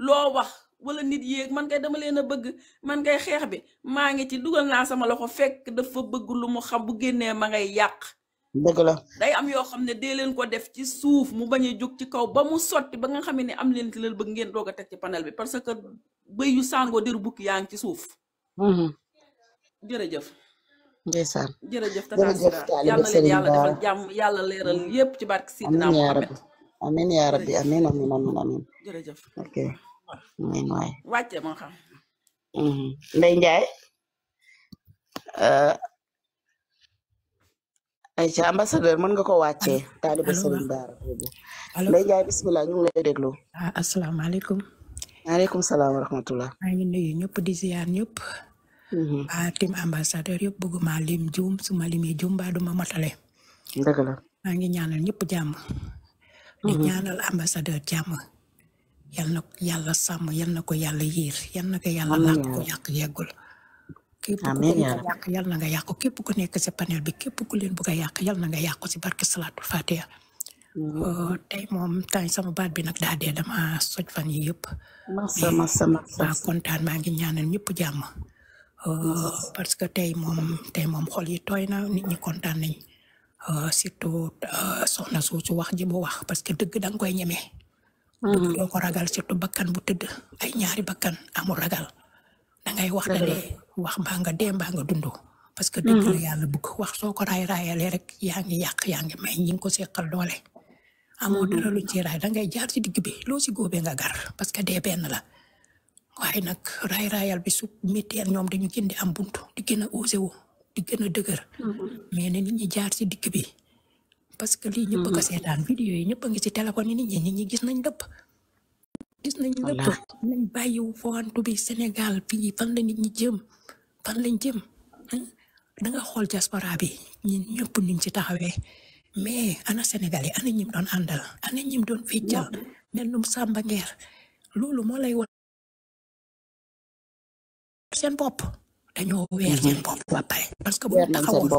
loo wax. wala nit yéeg man kay dama leena bëgg man kay xex bi ma nga ci duggal na sama loxo fekk dafa bëgg lu mu xam bu génné ma ngay yaq dëgg la day am yo xamné ne leen ko def ci suuf mu bañ juk ci kaw ba mu soti ba nga xam ne am leen ci lal bëgg ngeen doga tek ci panel bi parce que bay yu sango déru bukki yaang ngi ci suuf mm-hmm. jërëjëf ndeysaan jërëjëf tata Sira yàlla na leen yalla defal jamm yalla leral mm-hmm. yépp ci barke Sidina ya Muhammad amiin ya rabbi amin amin amin amiin jërëjëf ok mooy mooy wàcce moo euh, ambassadeur mën nga ko wàccee taaliba Serigne Bara Ndeye Ndiaye bismillah ñu ngi lay déglu ah, asalaamaaleykum maaleykum salaam wa rahmatullah maa ngi nuyu ñëpp di ziar ñëpp waa ah, tim ambassadeur yëpp bëgguma lim juum suma limi juum ba duma motale dëgg la maa ngi ñaanal ñëpp jàmm di ñaanal ambassadeur jàmm yal na yàlla sàmm yal na ko yàlla yiir yal na ko yàlla làq ko yàq yeggul képp ku nekk yàq yal na nga yàqu képp ku nekk si panel bi képp ku leen bugg a yàq yal na nga yàqu si barke salaatul fatiha oh, tey moom tey sama baat bi nag daa dee dama soj fan yi yëpp masa masa masa maa kontaan maa ngi ñaanal ñëpp jàmm oh, parce que tey moom tey moom xol yi tooy na nit ñi kontaan nañ oh, surtout soxna soosu wax ji bu wax parce que dëgg da koy doo ko ragal surtout bakkan bu tëdd ay ñaari bakkan amul ragal dangay wax da dee wax mbaa nga dee mbaa nga dund parce que dëgg la yàlla bëgg wax soo ko raay raayalee rek yaa ngi yàq yaa ngi may ñi ngi ko seqal doole amul dara luñ ci raay dangay jaar si digg bi loo si góobee nga gar parce que dee benn la waaye nag raay raayal bi su méttee ñoom dañu gën di am buntu di gën a osé wu di gën dëgër mais ne nit ñi jaar si digg bi pas que lii ñëpp ko seetaan video yi ñëpp a ngi ci téléphone yi ñi ñi gis nañ lépp gis nañ lépp nañ bàyyi fowantu bi Sénégal fii fan la nit ñi jëm fan lañ jëm da nga xool diaspora bi ñun ñëpp niñ ci taxawee mais ana Sénégal ana ñim doon andal ana ñim doon feccal ya. mel num Samba lay dañoo weer seen mhm. bopp ba pare. parce que boo ñu taxawoon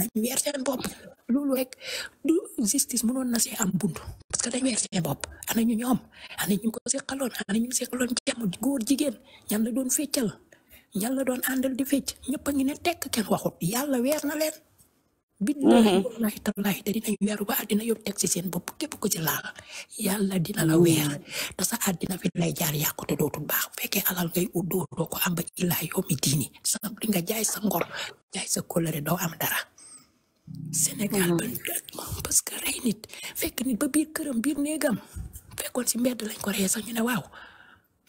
dañu weer seen bopp loolu rek du justice mënoon na see am bunt parce que dañu weer seen bopp ana ñu ñoom ana ñu ko seqaloon ana ñu loon jàmm góor jigéen ñan la doon feccal ñan la doon àndal di fecc ñëpp a ne tekk kenn waxut yàlla weer na leen. billahi mm-hmm. wallahi tallahi te dinañ weeru ba àddina yóbbu teg si seen bopp képp ko ci laal yàlla dina la mm-hmm. weer te sa àddina fi lay jaar yàqu te dootul baax bu fekkee alal ngay ut dootoo ko am ba illaa yoomi diini sa di nga jaay sa ngor jaay sa kóllëre doo am dara. Sénégal mm-hmm. ba parce que rey nit fekk nit ba biir këram biir néegam fekkoon si mbedd lañ ko rey sax ñu ne waaw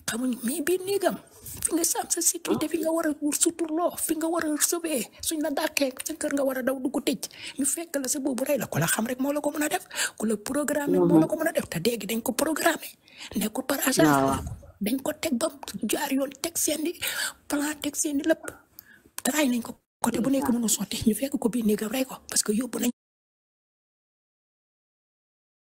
xamuñ mii biir néegam. nga sam sa sécurité fi nga war a suturloo fi nga war a sauvé suñ la dàkkee sa kër nga war a daw dugg tëj ñu fekk la sa boobu rey la ku la xam rek moo la ko mën a def ku la programmé moo la ko mën a ya. def te dégg dañ ko programmé nekkul par hasard dañ ko teg ba jaar yoon teg seeni plan teg seeni lépp taraay nañ ko côté bu nekk mënu sotti ñu fekk ko biir néegam rey ko parce que yóbbu nañ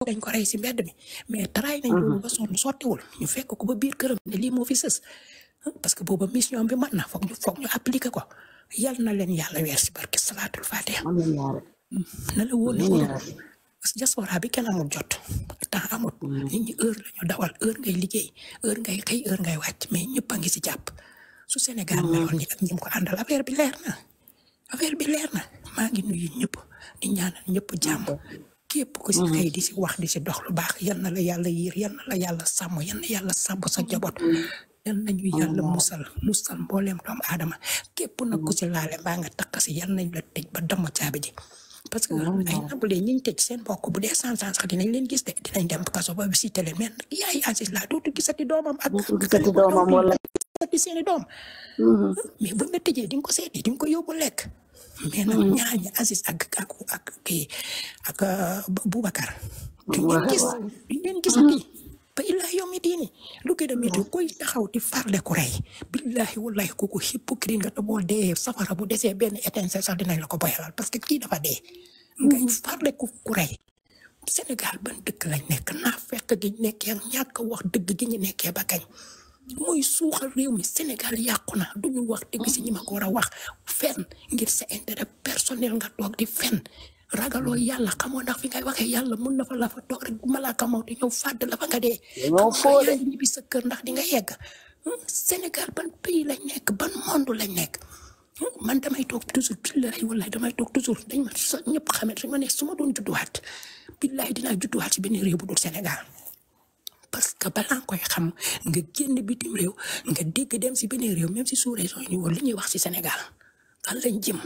dañ ko rey si mbedd mi mais taraay nañ loolu ba sonn sottiwul ñu fekk ko ba biir këram ne lii moo fi sës parce que booba mission bi mat na fokk ñu foog ñu appliquer ko yal na len yalla weer ci barke salatul fatiha mm, na la wóor ne parce que diaspora bi kala mo jot ta amut mm. nit ñi heure lañu dawal heure ngay liggéey heure ngay xey heure ngay wacc mais ñepp a ngi si jàpp su Sénégal mm. mel won ñi ak ñim ko andal affaire bi leer na affaire bi leer na ma ngi nuyu ñepp di ñaanal ñepp jamm képp ku ci xey di ci wax di ci dox lu baax yalla na la yalla yiir yal na yalla yàlla sàmm yal na yàlla sàmm sa njaboot yal nañu yàlla musal musal mbooleem doomu aadama képp na ku ci laale mbaa nga takk si yal nañ la tëj ba damm caabi ji parce que ay nabule ñi ñu tëj seen bokk bu dee sans sans sax dinañ leen gis de dinañ dem kaso ba visité leen mais yaay Aziz la dootu gisati doomam ak gisati doomam wala gisati seeni doom mm-hmm. ah, mais buñ la tëjee di nga ko seeti di nga ko yóbbu lekk mais nag mm-hmm. ñaar ñi Aziz ak ak ak kii ak euh, Boubacar duñ leen gis duñ leen gisati ba illaahi yow mi diini lu gën a mm. koy taxaw di farle ku rey billaahi wallaahi kooku hypocrite nga te boo dee safara bu desee benn étincelle sax dinañ la ko boyalal parce que kii dafa dee. Mm. ngay farle ku ku rey Sénégal ban dëkk lañ nekk naa fekk gi ñu nekkee ñàkk wax dëgg gi ñu nekkee ba kañ mooy suuxal réew mi Sénégal yàqu na du ñu wax dëgg si ñi ma ko war a wax fenn ngir sa intérêt personnel nga toog di fenn ragalo yalla xamoo ndax fi ngay waxe yalla ya mun na fa la fa tok rek malaaka maw di ñëw fad la fa nga dee xamoo yaa ñi bi sa kër ndax di nga yegg Sénégal ban pays la nekk ban monde la nekk hmm, man damay tok toujours billahi wallahi damay tok toujours dañ ma sa xamé xamee ma ne su ma doon judduwaat billahi dinaa judduwaat si benn réew bu dul Sénégal parce que balaa nga ya, koy xam nga genn bitim réew nga dégg dem si benn réew même si sou raison ñu woon li ñuy wax ci Sénégal kan lañ jëm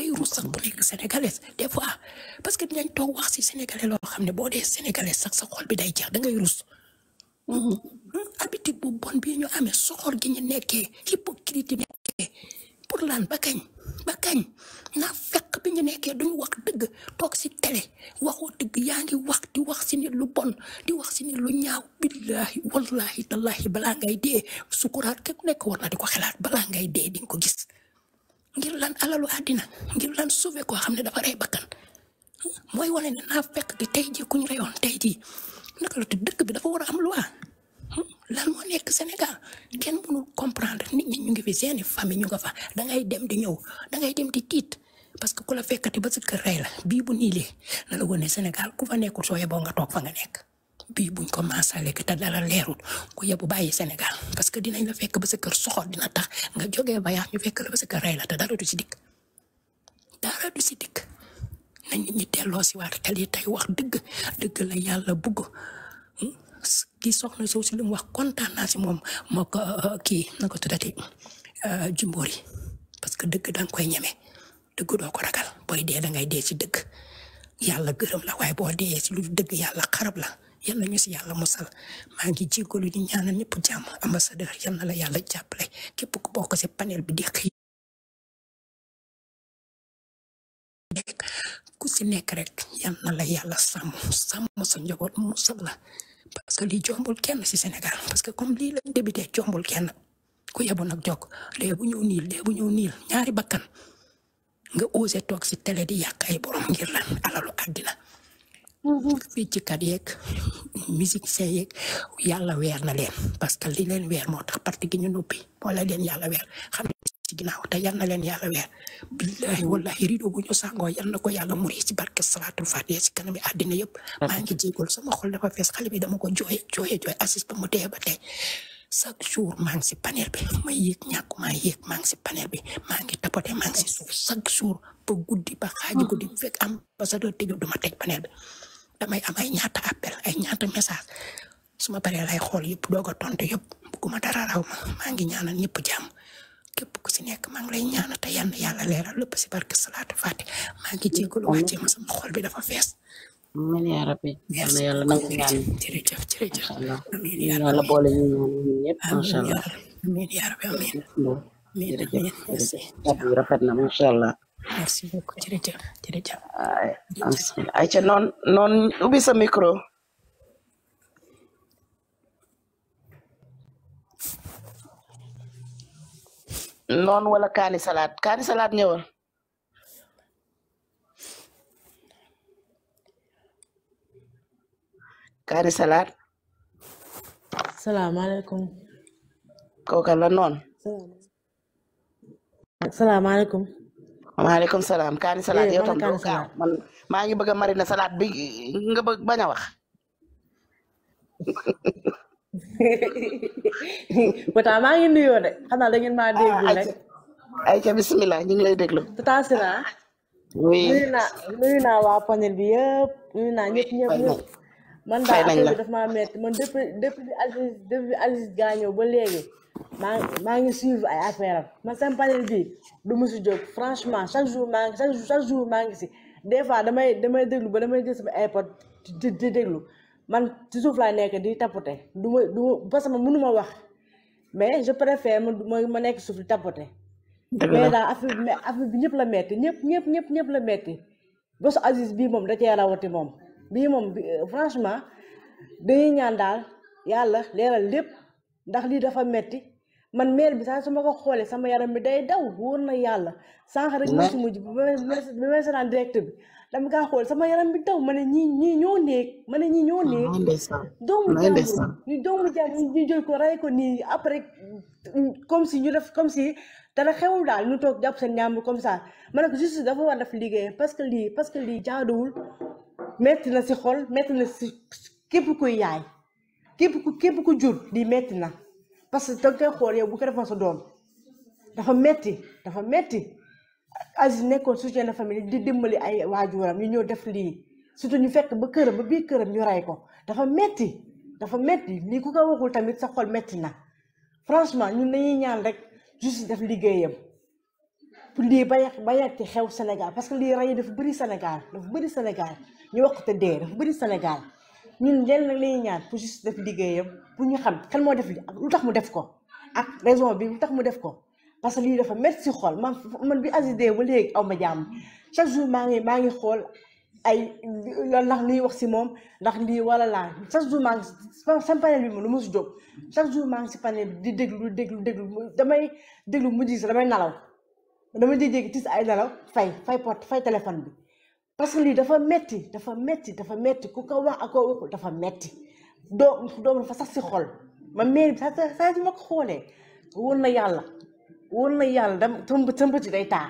day rus sax bu nekk sénégalaise des fois parce que dinañ toog wax si sénégalais loo xam ne boo dee sénégalais sax sa xol bi day jeex da ngay rus mm-hmm. habitude bu bon bi ñu amee soxor gi ñu nekkee hypocrite bi nekkee pour lan ba kañ ba kañ naa fekk bi ñu nekkee duñu wax dëgg toog si télé wax di wax si nit lu bon di wax si nit lu ñaaw billahi wallahi tallahi balaa ngay dee sukuraat képp nekk war na di ko xalaat ngay dee di ko gis ngir lan alalu àddina ngir lan sauver koo xam ne dafa rey bakkan mooy wane ne naa fekk gi tey jii ku ñu reyoon tey jii naka la te dëkk bi dafa war a am loi lan moo nekk Sénégal kenn mënul comprendre nit ñi ñu ngi fi seeni famille ñu nga fa da ngay dem di ñëw da ngay dem di tiit parce que ku la fekkati ba sa kër rey la bii bu niilee na la wane Sénégal ku fa nekkul soo yeboo nga toog fa nga nekk. bi buñ commencé ke ta dara lérul ko yebu baye Sénégal parce que dinañ la fekk ba sa kër soxor dina tax nga joggé ba yaax ñu fekk la ba sa kër ray la ta dara du si dikk dara du ci dik nañ ñi delloo ci waat tali tay wax dëgg dëgg la yalla bugg hmm? ki soxna soosu li mu wax kontaan naa si moom moo ko euh, euh, kii na ko euh, jumbori parce que dëgg dang koy ñëmé dëgg do ko ragal boy dé da ngay dé ci dëgg yalla gëreum la way bo dé ci lu dëgg yalla xarab la yalla ñu ci yalla mussal ma ngi jégalu di ñaanal ñepp jamm ambassadeur yalla la yalla jappalé képp ku bokk ci panel bi di xiy ku ci nekk rek yalla la yalla sam sam sa njaboot mussal la parce que li jombul kenn ci Sénégal parce que comme li lañ débuté jombul kenn ku yabu nak jog lé bu ñëw niil lé bu ñëw niil ñaari bakkan nga osé tok ci télé di yak ay borom ngir lan alalu adina feccikat yeeg musique see yeeg yàlla weer na leen parce que li leen weer moo tax parti gi ñu noppi wala leen yàlla weer xam ci ginnaaw te yal na leen yàlla weer billahi wallahi rido bu ñu sàngoo yal na ko yàlla muri ci barke salaatul fatiha ci kanami àddina yëpp maa ngi jéegul sama xol dafa fees xale bi dama ko jooye jooye jooye assis ba mu dee ba tey chaque jour maa ngi si panel bi may maa maa ngi si panel bi maa ngi tapote maa ngi si suuf chaque jour ba guddi ba xaaji guddi fekk ambassadeur panel bi damay am ay ñaata appel ay ñaata message suma bari lay xol yëpp doga tonté tontu yëpp bugguma dara raw ma ma ngi ñaanal ñëpp jàmm képp ku ci nekk ma ngi lay ñaanal te yalla yalla yàlla lepp ci si barke salaatu fàtte maa ngi jégalu wàccee ma sama xol bi dafa fess amen ya rabbi yal na yàlla nangu ñaan jërëjëf jërëjëf amen ya rabbi yalla boole ñu ñaan ñun inshallah amen ya rabbi amiin amiin rafet na inshallah merci beaucoup jërëjëf jërëjëf. ayca noonu noonu ubbi sa micro. noonu wala kaani salaat kaani salaat ñëwal. kaani salaat. salaamaaleykum. kooka la noonu. salaamaaleykum. maaleykum salaam kaani salaat yow tam doo gaaw man maa ngi bëgg a mariner salade bi nga bëgg bañ a wax. bata maa ngi nuyoo de xanaa da ngeen maa ah, dégg rek. ayca bisimilah ñu ngi lay déglu. Tata Sira. oui nuyu naa nuyu naa waa panel bi yëpp nuyu naa ñëpp ñëpp ñëpp. man daal affaire bi daf maa métti man depuis depuis Aziz depuis Aziz gaañoo ba léegi. maa maa ngi suivre ay affaire am man seen panel bii du mu si jóg franchement chaque jour maa ngi chaque jour maa ngi si des fois damay damay déglu ba damay jël sama airpod di di déglu man ci suuf laa nekk di tapote du ma du parce que mënu ma wax mais je préfère ma ma nekk suuf di tapote. mais daal affaire bi affaire bi ñëpp la metti ñëpp ñëpp ñëpp ñëpp la metti bésu Aziz bii moom da cee rawati moom bii moom euh, franchement dañuy ñaan daal yàlla leeral lépp. ndax lii dafa metti man meel bi saa su ma ko xoolee sama yaram bi day daw wóor na yàlla sànq rek ma si mujj bi ma seetaan direct bi dam kaa xool sama yaram bi daw ma ne ñii ñii ñoo néeg ma ne ñii ñoo ah, néeg doomu jàmbur ñu doomu jàmbur ñu jël ko rey ko nii après comme si ñu def comme si te dara xewul daal ñu toog jàpp seen ñaam comme ça ma ne ko justice dafa war def liggéey parce que lii parce que lii jaaduwul metti na si xol metti si képp kuy yaay képp ku képp ku jur di metti na parce que danga xool yow bu ko defoon sa doom dafa metti dafa metti Aziz nekkoon soutien na famille di dimbali ay waajuram ñu ñëw def lii surtout ñu fekk ba këram ba biir këram ñu rey ko dafa metti dafa metti lii ku ko waxul tamit sa xol metti na franchement ñun dañuy ñaan rek justice def liggéeyam pour lii ba yàq ba yàq ci xew Sénégal parce que lii rey dafa bëri Sénégal dafa bëri Sénégal ñu wax ko te dee dafa bëri Sénégal ñun lenn nak lay ñaan pour juste def liggéeyam pour ñu xam kan moo def li ak lu mu def ko ak raison bi lutax mu def ko parce que lii dafa métti si xol man man bi Aziz dee ba léegi aw ma jàmm chaque jour maa ngi maa ngi xool ay loolu ndax liy wax si moom ndax lii wala laa chaque jour maa ngi sama panel bi moom lu musu jóg chaque jour maa ngi si panel bi di déglu déglu déglu damay déglu mujj si damay nalaw dama di dégg tis ay nalaw fay fay porte fay téléphone bi parce que lii dafa metti dafa metti dafa metti ku kaw wax ak ko waxul dafa metti doom doom dafa sax si xol ma mère bi saa saa si ma xoolee wóor na yàlla wóor na yàlla dama tëmb tëmb day taa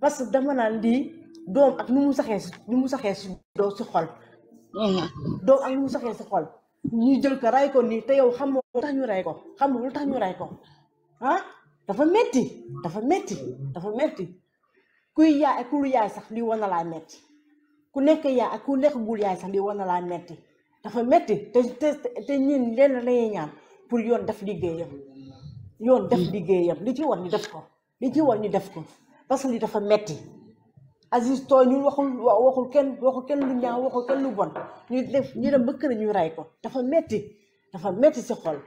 parce que dama naan lii doom ak nu mu saxee si nu mu saxee si doo si xol mm-hmm. doom ak nu mu saxee si xol ñu jël ko ray ko nii te yow xamoo lu tax ñu ray ko xamoo lu tax ñu ray ko ah, dafa metti dafa metti dafa metti kuy yaay ak ku yaay sax lii war na laa metti ku nekk yaay ak ku lekkagul yaay sax lii laa metti dafa metti te te te ñun lenn lañuy ñaan pour yoon def liggéeyam yoon def liggéeyam li ci war ñu def ko li ci war ñu def ko parce que li dafa metti Aziz tooy ñu waxul waxul kenn kenn lu ñaaw waxul kenn lu bon ñu def ba kër ñu rey ko dafa metti dafa metti si xol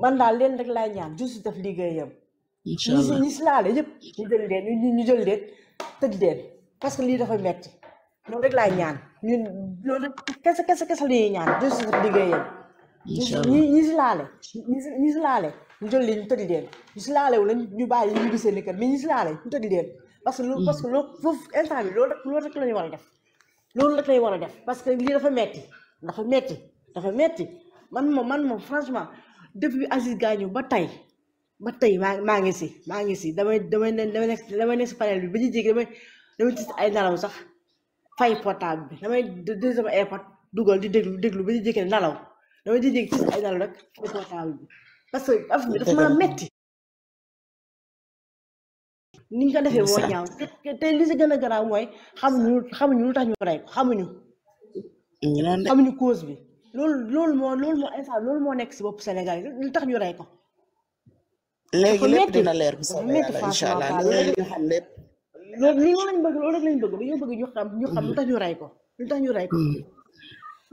man daal leen rek laay ñaan juste liggéeyam. incha si laale yëpp ñu jël leen ñu jël leen. tëj leen parce que lii dafa metti loolu rek laay ñaan ñun loolu kese kese kese la ñuy ñaan justice bi liggéeyal ñi ñi si laale jël leen ñu tëj leen wu la ñu bàyyi ñu gisee ni kër mais ñi si laale ñu tëj leen parce que loolu parce que loolu foofu instant bi loolu rek a def loolu la ñu war a def parce que lii dafa metti dafa metti dafa metti man moom man moom franchement depuis Aziz gaañu ba tey ba tey maa maa ngi si maa ngi si damay damay ne damay nekk damay nekk si panel bi ba ñu jékki damay damay gis ay nalaw sax fay portable bi damay déglu sama airport dugal di déglu déglu ba ñu jékki nalaw damay di jékki gis ay nalaw rek portable bi parce que af bi dafa maa metti ni ñu ko defee moo ñaaw te li si gën a garaaw mooy xamuñu xamuñu lu tax ñu rey ko xamuñu xamuñu cause bi loolu loolu moo loolu moo loolu moo nekk si bopp Sénégal lu tax ñu rey ko léegi lépp dina leer bu soobee yàlla incha allah léegi ñu xam lépp. loolu li ñu lañ bëgg loolu rek lañ bëgg dañoo bëgg ñu xam ñu xam lu tax ñu rey ko lu tax ñu rey ko.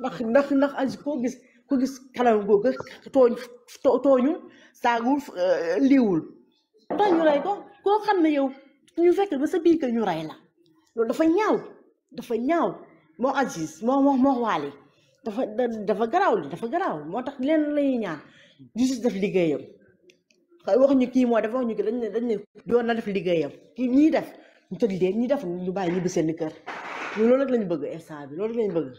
ndax ndax ndax aji koo gis ku gis kanam googu tooñ tooñu saagul liiwul. lu tax ñu rey ko koo xam ne yow ñu fekk ba sa biir kër ñu rey la loolu dafa ñaaw dafa ñaaw moo Aziz moo moo moo waale dafa dafa garaaw li dafa garaaw moo tax leen lañuy ñaan justice def liggéeyam. waxuñu kii moo def waxuñu kii dañ ne dañ ne yoon na def liggéeyam kii ñiy def ñu tëj leen ñi def ñu bàyyi ñibbi seen kër loolu a lañ bëgg instant bi loolu rek lañ bëgg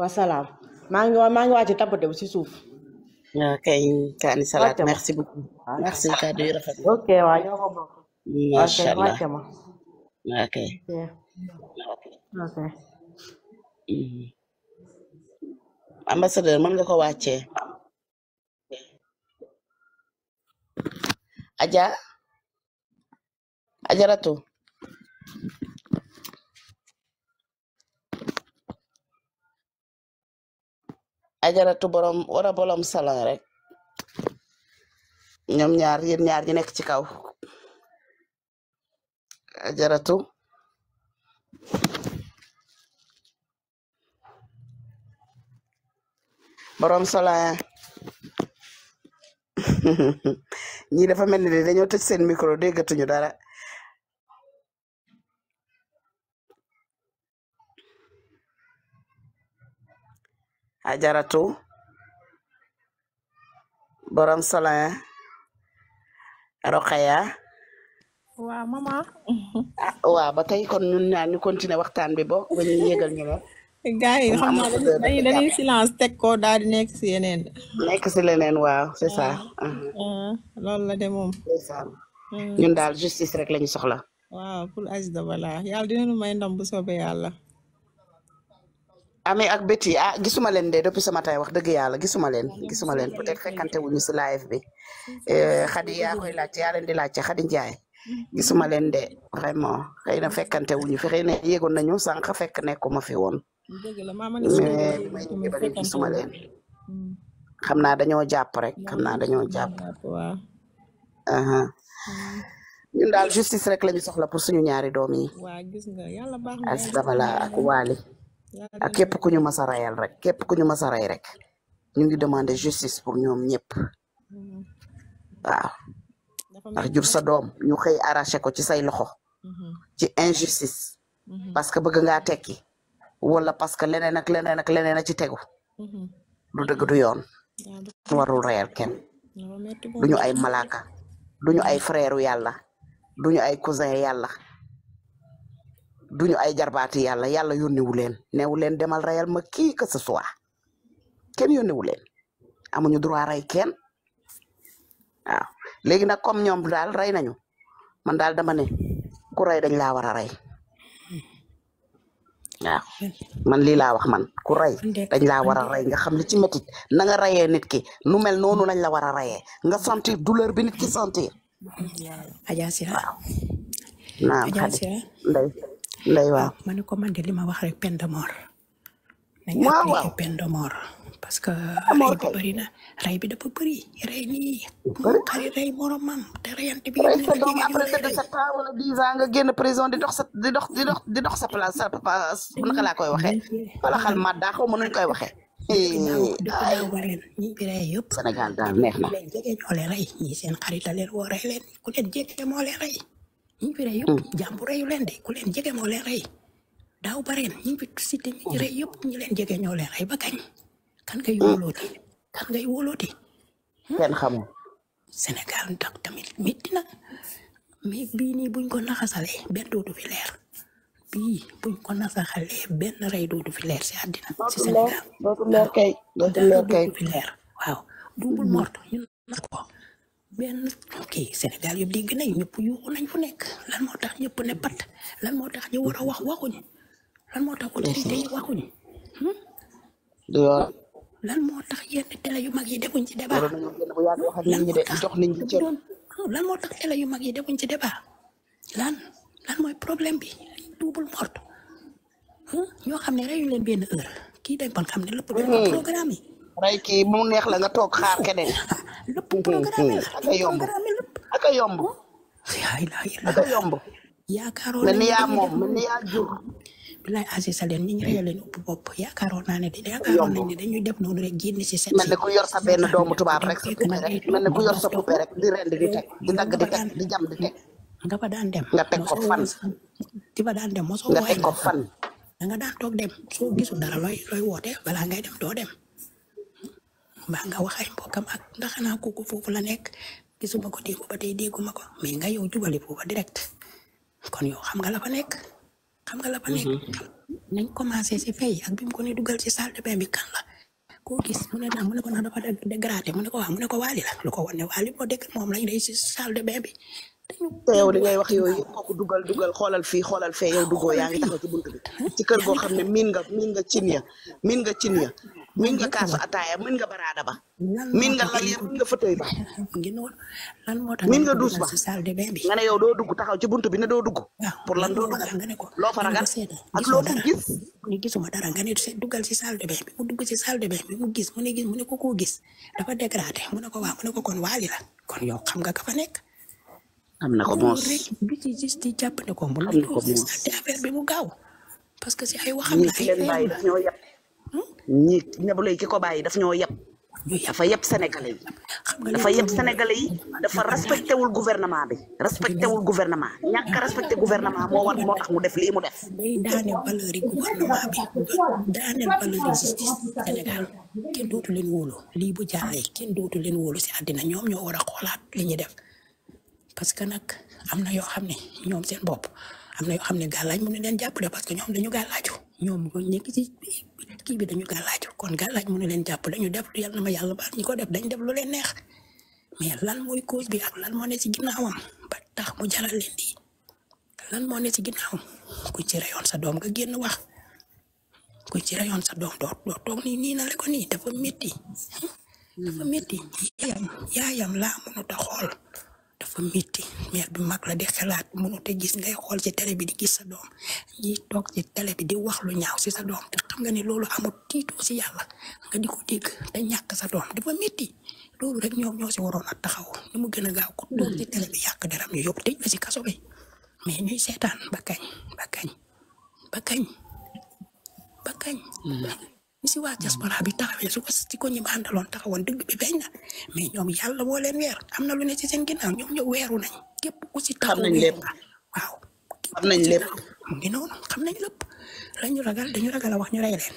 wasalaam maa ngi maa ngi wàcc tapote bu si suuf. kay kaani salaat merci beaucoup. merci kàddu yu rafet. ok waaw ñoo ko bokk. ok mm. ambassadeur mën nga ko wàccee. Aja Ajaratu Ajaratu borom wara borom salon rek ñoom ñaar yéen ñaar ñi nekk ci kaw Ajaratu borom ñii dafa mel ni dañoo tëj seen micro déggatuñu dara. ajaratu borom salin roqaya wa mama ah waaw ba tey kon ñun ñaa ñu continuer waxtaan bi bo ba ñu yégal gaa yi xam silence teg ko daal di nekk si yeneen. nekk si leneen waaw c'est ça. Ah. Ah. Ah, loolu la de moom. Hmm. ñun daal justice rek lañu soxla. waaw pour Aziz Dabala yàlla dinañu may ndam bu soobee yàlla. amee ak béti ah gisuma leen de depuis ce matin wax dëgg yàlla gisuma leen gisuma leen peut-être fekkante wuñu si live eh, leen di laajte xadi Njaay gisuma leen de vraiment xëy na fekkante wuñu fi xëy na yéegoon nañu sànq fekk nekkuma fi woon mais may ba léegi gisuma leen hmm. xam naa dañoo jàpp rek xam naa dañoo jàpp hmm. ñun daal justice rek lañu soxla pour suñu ñaari doom yi as dabala ak waali ak képp ku ñu mas a rayal rek képp ku ñu mas a ray rek ñu ngi demander justice pour ñoom ñëpp hmm. waaw ndax jur sa doom ñu xëy arraché ko ci say loxo ci injustice parce que bëgg ngaa tekki wala parce que leneen ak leneen ak leneen a ci tegu mm-hmm. du dëgg du yoon warul reyal kenn duñu ay malaaka duñu ay mm-hmm. frère yàlla duñu ay cousin yàlla duñu ay jarbaati yàlla yàlla yónniwu leen neewu leen demal reyal ma kii que ce soit kenn yónniwu leen amuñu droit rey kenn waaw léegi nag comme ñoom daal rey nañu man daal dama ne ku rey dañ laa war a rey man lii laa wax man ku rey dañ laa war a rey nga xam li ci métit na rayee nit ki nu mel noonu lañ la war a rayee nga sentir douleur bi nit ki sentir Adja Sira naam Khady nday nday waaw ma ne ko man de li ma wax rek peine de mort nañ appliqué peine de mort parce que bari na ray bi dafa bëri ray nii moo ray rey boromam te reyante bi sa doom après sa sept ans wala dix ans nga genn prison di dox sa di dox di dox di dox sa place sa papa naka laa koy waxe wala xal ma da xaw ma nuñ koy waxee daaw wareen ñi bi rey yëpp Sénégal daal neex na leen jege ñoo leen rey ñi seen xarit la leen woo ray leen ku leen jege moo leen rey ñi bi rey yëpp jàmbu reyu leen de ku leen jege moo leen rey daaw bareen ñi bi cité ñi rey yëpp ñi leen jege ñoo leen ba kañ kan ngay hmm. wóolooti kan ngay wóolooti. Hmm? kenn xamul. Sénégal ndax tamit métti na bii nii buñ ko naxasalee benn du fi leer bii buñ ko naxasalee benn rey dootu fi leer si àddina. si Sénégal dootu leer kay dootu leer kay dootu fi waaw. double hmm. mort ñun ko benn Sénégal yëpp dégg nañ ñëpp yuuxu nañ fu nekk lan moo tax ñëpp ne pat lan moo tax ñu war a wax waxuñ lan moo tax autorité yi waxuñ. lan moo tax yenn télé yu mag yi defuñ ci débat. lan moo tax lan moo tax télé yu mag yi defuñ ci débat lan mooy problème bi double morte ñoo xam ne reyuñ leen benn kii dañ kon xam ne lépp programme yi. rey kii mu neex la nga toog xaar keneen. lépp programme yi yomb ak yaa moom ni yaa jur. Abdoulaye Aziz a ñi ñu xëy leen ubbi bopp yaakaaroon naa ne yaakaaroon nañ ne dañuy def noonu rek génn si seen mel ne ku yor sa benn doomu tubaab rek sa poupée rek mel ne ku yor sa rek di rend di teg nga fa daan dem nga teg ko fan di fa daan dem mosoo nga teg ko fan da nga toog dem soo gisul dara looy looy woote balaa ngay dem doo dem mbaa nga wax ay mbokkam ak ndax xanaa kooku foofu la nekk gisu ko déggu ba tey déggu ma ko mais nga yow jubali foofa direct kon yow xam nga la nekk xam nga la ba nekk. Mhm. nañ commencé si fay ak bi ko ne dugal si salle de bain bi la. koo gis mu ne naa mu ne ko naa dafa dégradé mu ne ko waaw mu ne ko waali la lu ko wane waali moo dégg moom lañ de si salle de bain bi. te yow li ngay wax yooyu yëpp kooku dugal dugal xoolal fii xoolal fee yow duggoo yaa ngi taxaw ci buntu bi ci kër goo xam ne miin nga miin nga cin ya miin nga cin ya min nga kaasu ataaya min nga baraada ba min nga lal ya min nga fëtëy ba min nga duus ba nga ne yow doo dugg taxaw ci buntu bi ne doo dugg pour lan doo dugg loo fa ragal ak loo ko gis ni dara nga ne duggal ci salle de mu dugg ci salle bi mu gis mu ne gis mu ne ko koo gis dafa dégradé mu ne ko waa mu ne ko kon waali la kon yow xam nga ka fa nekk am na ko moos bi ci gis di jàpp ne ko mu ne ko affaire bi mu gaaw parce que si ay waxam la ñi Nabou ki ko bàyyi daf ñoo yeb. dafa yeb sénégalais yi. dafa yeb sénégalais yi dafa respecté wul gouvernement bi. respecté wul gouvernement ñàkk a respecté gouvernement moo war moo tax mu def lii mu def. day daaneel valeur yi gouvernement bi daaneel valeur yi justice Sénégal kenn dootu leen wóolu lii bu jàllee kenn dootu leen wóolu si àddina ñoom ñoo war a xoolaat li ñuy def parce que nag am na yoo xam ne ñoom seen bopp am na yoo xam ne gàllaaj mu ne leen jàppale parce que ñoom dañu gàllaaju ñoom ko nekk ci kii bi dañu kaa laajul kon gaa laaj mu ne leen jàpp dañu def yàlla na ma yàlla baal ñi ko def dañ def lu leen neex mais lan mooy cause bi ak lan moo ne ci ginnaawam ba tax mu jaral leen di lan moo ne ci ginnaawam ku ci rayon sa doom nga génn wax ku ci rayon sa doom doo doo toog nii nii na la ko nii dafa métti dafa métti yaayam yaayam laa mënut a dafa métti mère bi mag la di xalaat mënut te gis ngay xool ci tele bi di gis sa doom ñi toog ci télé bi di wax lu ñaaw si sa doom te xam nga ni loolu amul tiitoo si yàlla nga di ko dégg te ñàkk sa doom dafa métti loolu rek ñoom ñoo si waroon a taxaw ni mu gën a gaaw ko toog ci télé bi yàq deram ñu yóbbu tëj la si kaso bi mais ñuy seetaan ba kañ ba kañ ba kañ ba kañ mm. Misi wajas hmm. waa diaspora ya bi taxawé su ko ci ko ñi ma andalon taxawon dëgg bi bañ na mais ñom yalla woo leen wër amna lu ne ci seen ginnaaw ñom ñoo wëru nañ képp ku taxaw waaw am nañ lepp ngi non xam nañ lepp lañu ragal dañu ragal wax ñu ray leen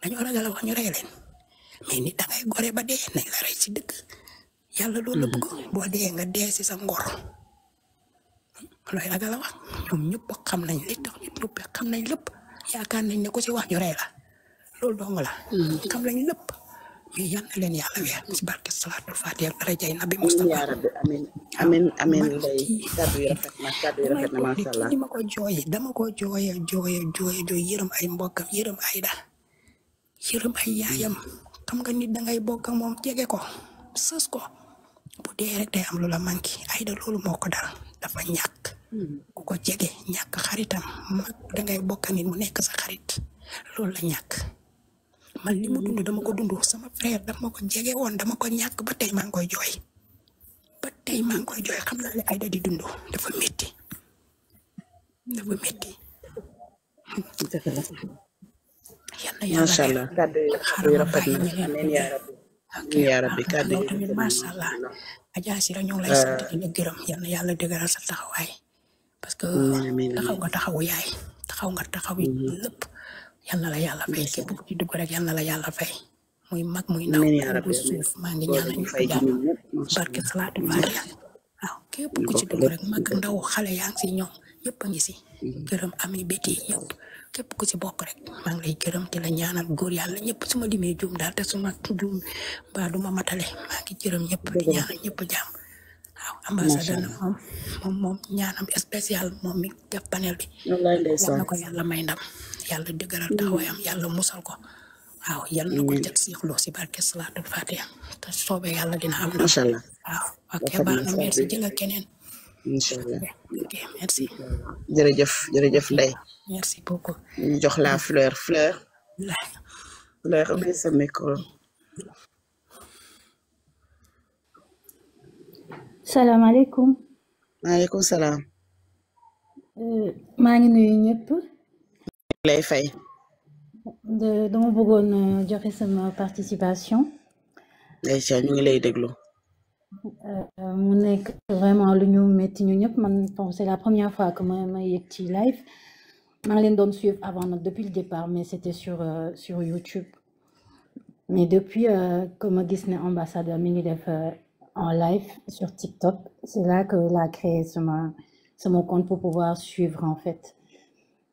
dañu ragal wax ñu ray leen mais nit dangay goré ba dé nañ la ray ci dëgg yalla la bëgg bo dé nga dé ci sa ngor ragal wax ñom ñëpp xam nañ li tax ñëpp xam nañ lepp yaakaar nañ ne ko ci wax ñu ray la Lul dong lah, kam lañu lépp. mais yal na leen yàlla weer ci barke salaatul fatiha ak darajay nabi Mustafa. Amin, rabbi amin. amiin amiin lay kàddu yu rafet na kàddu yu rafet na macha allah. dama ko joye, dama ko jooye jooye jooye jooye yërëm ay mbokkam yërëm ay da yërëm ay yaayam xam nga nit da ngay bokk moom jege ko sës ko bu dee rek day am lu la manqué ay da loolu moo ko dal dafa ñàkk. ku ko jege ñàkk xaritam da ngay bokk nit mu nekk sa xarit loolu la ñàkk man limu mu dund dama ko dundu sama frère dama ko jege won dama ko ñak ba tay ma ngoy joy ba tay ma ngoy joy xam ah, eh. na ay da di dundu, dafa metti dafa metti yalla na yàlla kàddu yi rafet na amiin yaa rabbi amiin rabbi kàddu yi tamit macha allah Adja Sira ñu lay sant di la sa parce que taxaw nga yaay taxaw nga taxaw yalla la yalla fay ci bu ci dugg rek yalla la yalla fay muy mag muy ndaw ya rabbi suuf ma ngi ñaan ñu fay jamm barke salaatu faatiha waaw képp ku ci dug rek mag ndaw xalé yaa ngi ñom yépp ngi ci gërëm ami beti yëpp kepp ku ci bok rek ma ngi lay gërëm di la ñaanal goor yalla ñepp suma dimé joom dal te su ma du ma ngi gërëm ñepp di ñaanal ñëpp jàmm waaw ambassadeur na mom mom ñaanam spécial mom mi def panel bi wax na ko yàlla may ndam yalla dëgëral taxawaayam yalla musal ko waaw yalla nako ko jot si xuloo si barke salatu fatiha ta sobe yalla dina am inshallah allah waaw ak ba na merci jëlal kenen inshallah allah ok merci. jere jef lay merci beaucoup. ñu jox la fleur fleur. lay ubbi sa micro. alaykum maaleykum salaam. Euh, maa ngi nuyu ñepp fait mon dama euh, j'ai fait cette participation et ñu ngi lay déglu mu est vraiment lu ñu métti ñu c'est la première fois que moi j'ai été live Malin donne suivre avant depuis le départ mais c'était sur euh, sur YouTube mais depuis euh, que Disney Disney ambassadeur mini def en live sur TikTok c'est là que l'a créé ce mon compte pour pouvoir suivre en fait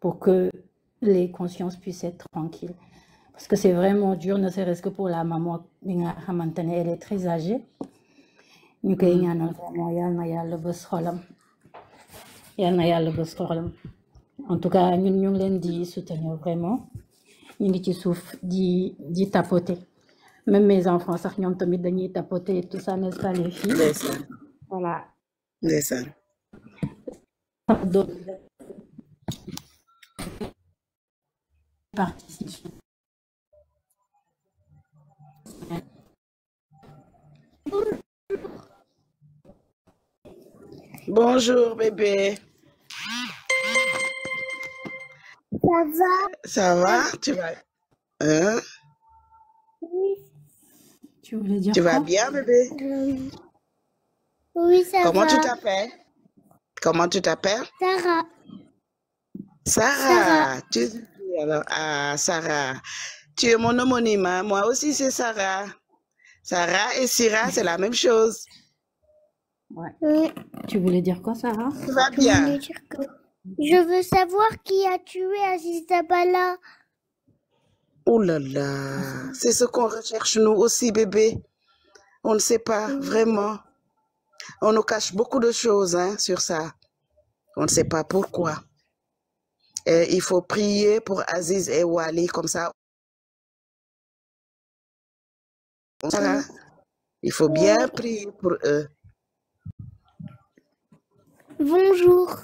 pour que les consciences puissent être tranquilles. Parce que c'est vraiment dur, ne serait-ce que pour la maman, elle est très âgée. ñu mm. avons vraiment en tout cas nous ñu ngi soutenir vraiment Nous ngi ci tapoter même mes enfants sax ñoom tamit dañuy tapoter tout ça n'est-ce pas les filles. voilà. ça. Bonjour bébé. Ça va Ça va Tu vas hein Tu voulais dire Tu vas bien bébé Oui, ça Comment va. Tu Comment tu t'appelles Comment tu t'appelles Sarah. Sarah. Sarah. Tu alors Sarah. Tu es mon homonyme, hein. moi aussi c'est Sarah. Sarah et Syrah, c'est la même chose. tu voulais dire quoi, Sarah Ça bien. Je veux savoir qui a tué Aziz Oh là là, c'est ce qu'on recherche nous aussi, bébé. On ne sait pas vraiment. On nous cache beaucoup de choses hein, sur ça. On ne sait pas pourquoi il faut prier pour Aziz et Wali, comme ça. Il faut bien prier pour eux. Bonjour.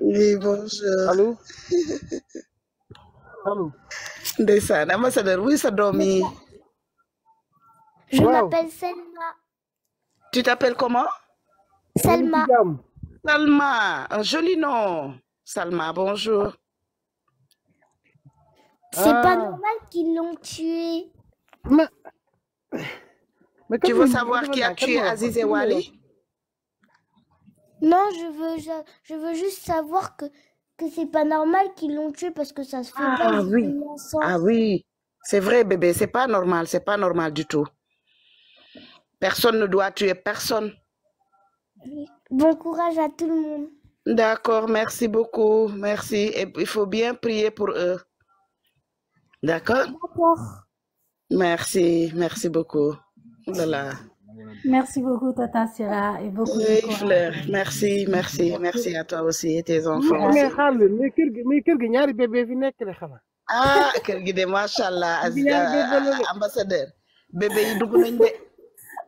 Oui, bonjour. Allô? Allô? Ndeysaan ambassadeur Oui, sa domi Je m'appelle Selma. Tu t'appelles comment? Selma. Selma, un joli nom. Salma, bonjour. C'est pas ah. normal qu'ils l'ont tué. Mais... tu veux savoir qui a tué Aziz et Wali Non, je veux, je, veux juste savoir que, que c'est pas normal qu'ils l'ont tué parce que ça se fait ah, Oui. Ah oui, c'est vrai bébé, c'est pas normal, c'est pas normal du tout. Personne ne doit tuer personne. Bon courage à tout le monde. D'accord, merci beaucoup. Merci. Et il faut bien prier pour eux. D'accord Merci, merci beaucoup. Oh merci beaucoup, Tata Sira. Et beaucoup Fleur. Merci, merci, merci à toi aussi et tes enfants. Ah, Kirgide, ambassadeur. Bébé, il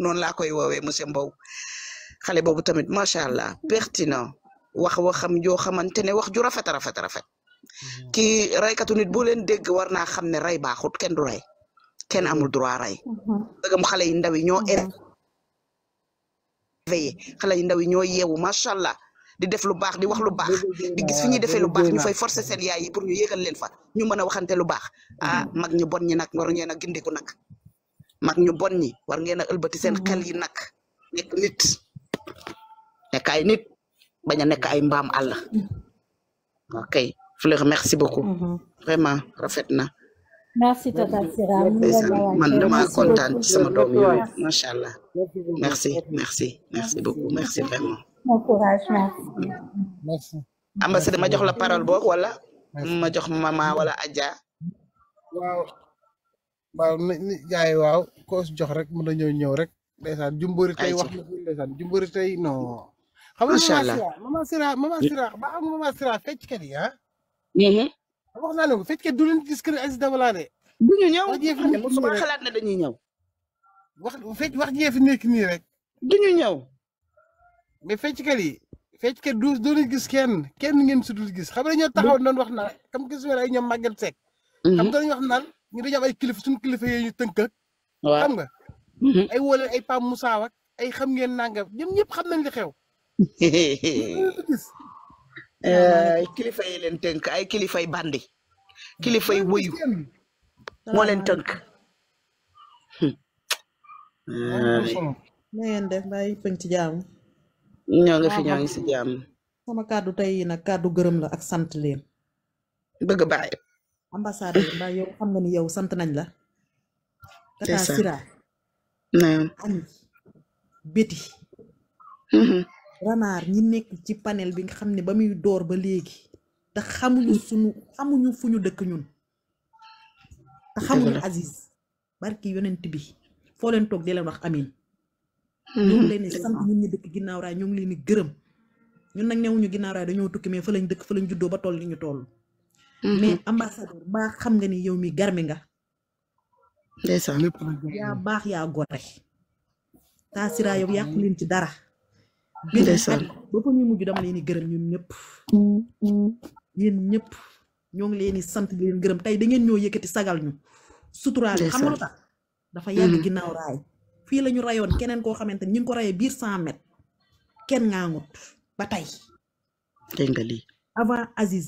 noonu laa koy woowee monsieur Mbow xale boobu tamit macha allah pertinent wax waxam joo xamante ne wax ju rafet rafet rafet mm-hmm. kii raykatu nit boo leen dégg war naa xam ne rey baaxut kenn du rey kenn amul droit rey mm-hmm. dëggam xale yu ndaw yi ñoo mm-hmm. éveillé xale yu ndaw yi ñoo yeewu macha allah di def lu baax di wax lu baax di gis fi ñuy defee lu baax ñu fay forcer seen yaay yi pour ñu yéegal leen fa ñu mën a waxante lu baax ah mag ñu bon ñi nag war ñeen a gindiku nag mak ñu bon ñi war ngeen a ëlbati seen xel yi nak nek nit nek ay nit baña nek ay mbam Allah ok fleur merci beaucoup mm-hmm. vraiment rafetna merci tata sira man dama contente ci sama doom yooyu macha allah merci merci merci beaucoup merci vraiment bon courage merci ambassade ma jox la parole bok wala ma jox mama wala adja waaw waaw ni gars yi waaw koo jox rek mën nañoo ñëw rek. ndeysaan jumbori tey wax na ndeysaan jumbori tey non. macha allah xam nga mama Sira mama Sira ba am mama Sira fecckat yi ah. Mm-hmm. wax naa leen ko fecckat du leen gis kër Aziz Dabala de. bu ñu ñëw musuma xalaat na dañuy ñëw. wax fecc wax jee fi nekk nii rek. du ñu yi. fecckat du doo gis kenn kenn ngeen su gis xam nga ñoo taxaw noonu wax na comme gis nga ay ñoom Maguette Seck. xam nga mm-hmm. dañuy wax naan. ñu dañu am ay kilifa suñu kilifa yooyu ñu tënk ak. xam nga. Mm-hmm. ay wóole ay Pape Moussa ay xam ngeen nangam ñoom xam nañ li xew. Eh, kilifa yi leen tënk ay kilifay bandi. kilifay wëyu moo leen tënk. na ngeen def mbaa yëpp ci ñoo ngi fi ñoo si jàmm. sama kàddu tey nag kàddu gërëm la ak sant leen. bëgg bàyyi. ambassade mbaa yow xam nga ni yow sant nañ la tata sira ami béti mm-hmm. ranaar ñi nekk ci panel bi nga xam ne ba muy door ba léegi te xamuñu suñu xamuñu fu ñu dëkk ñun te xamuñu Aziz barki yonent bi foo leen toog di leen wax amin mm-hmm. ñoo ngi leen di sant ñun ñu dëkk ginnaaw raay ñoo ngi leen gërëm ñun nag newuñu ginnaaw dañoo tukki mais fa lañ dëkk fa lañ juddoo ba toll ni ñu toll Mm-hmm. mais ambassadeur baa xam nga ni yow mi garmi nga ndeysaan yaa baax yaa gore taasira yow yàqu mm-hmm. leen ci dara mm-hmm. ndeysaan ba fa ñuy mujj dama leen di gërëm ñun ñëpp yéen ñëpp ñoo ngi leen di sant di leen gërëm tey da ngeen ñoo yëkkati sagal ñu suturaal xam nga lu dafa yàgg ginnaaw raay fii lañu ñu rayoon keneen koo xamante ni ñu ngi ko rayee biir cent mètres kenn ngaangut ba tey dégg nga lii avant Aziz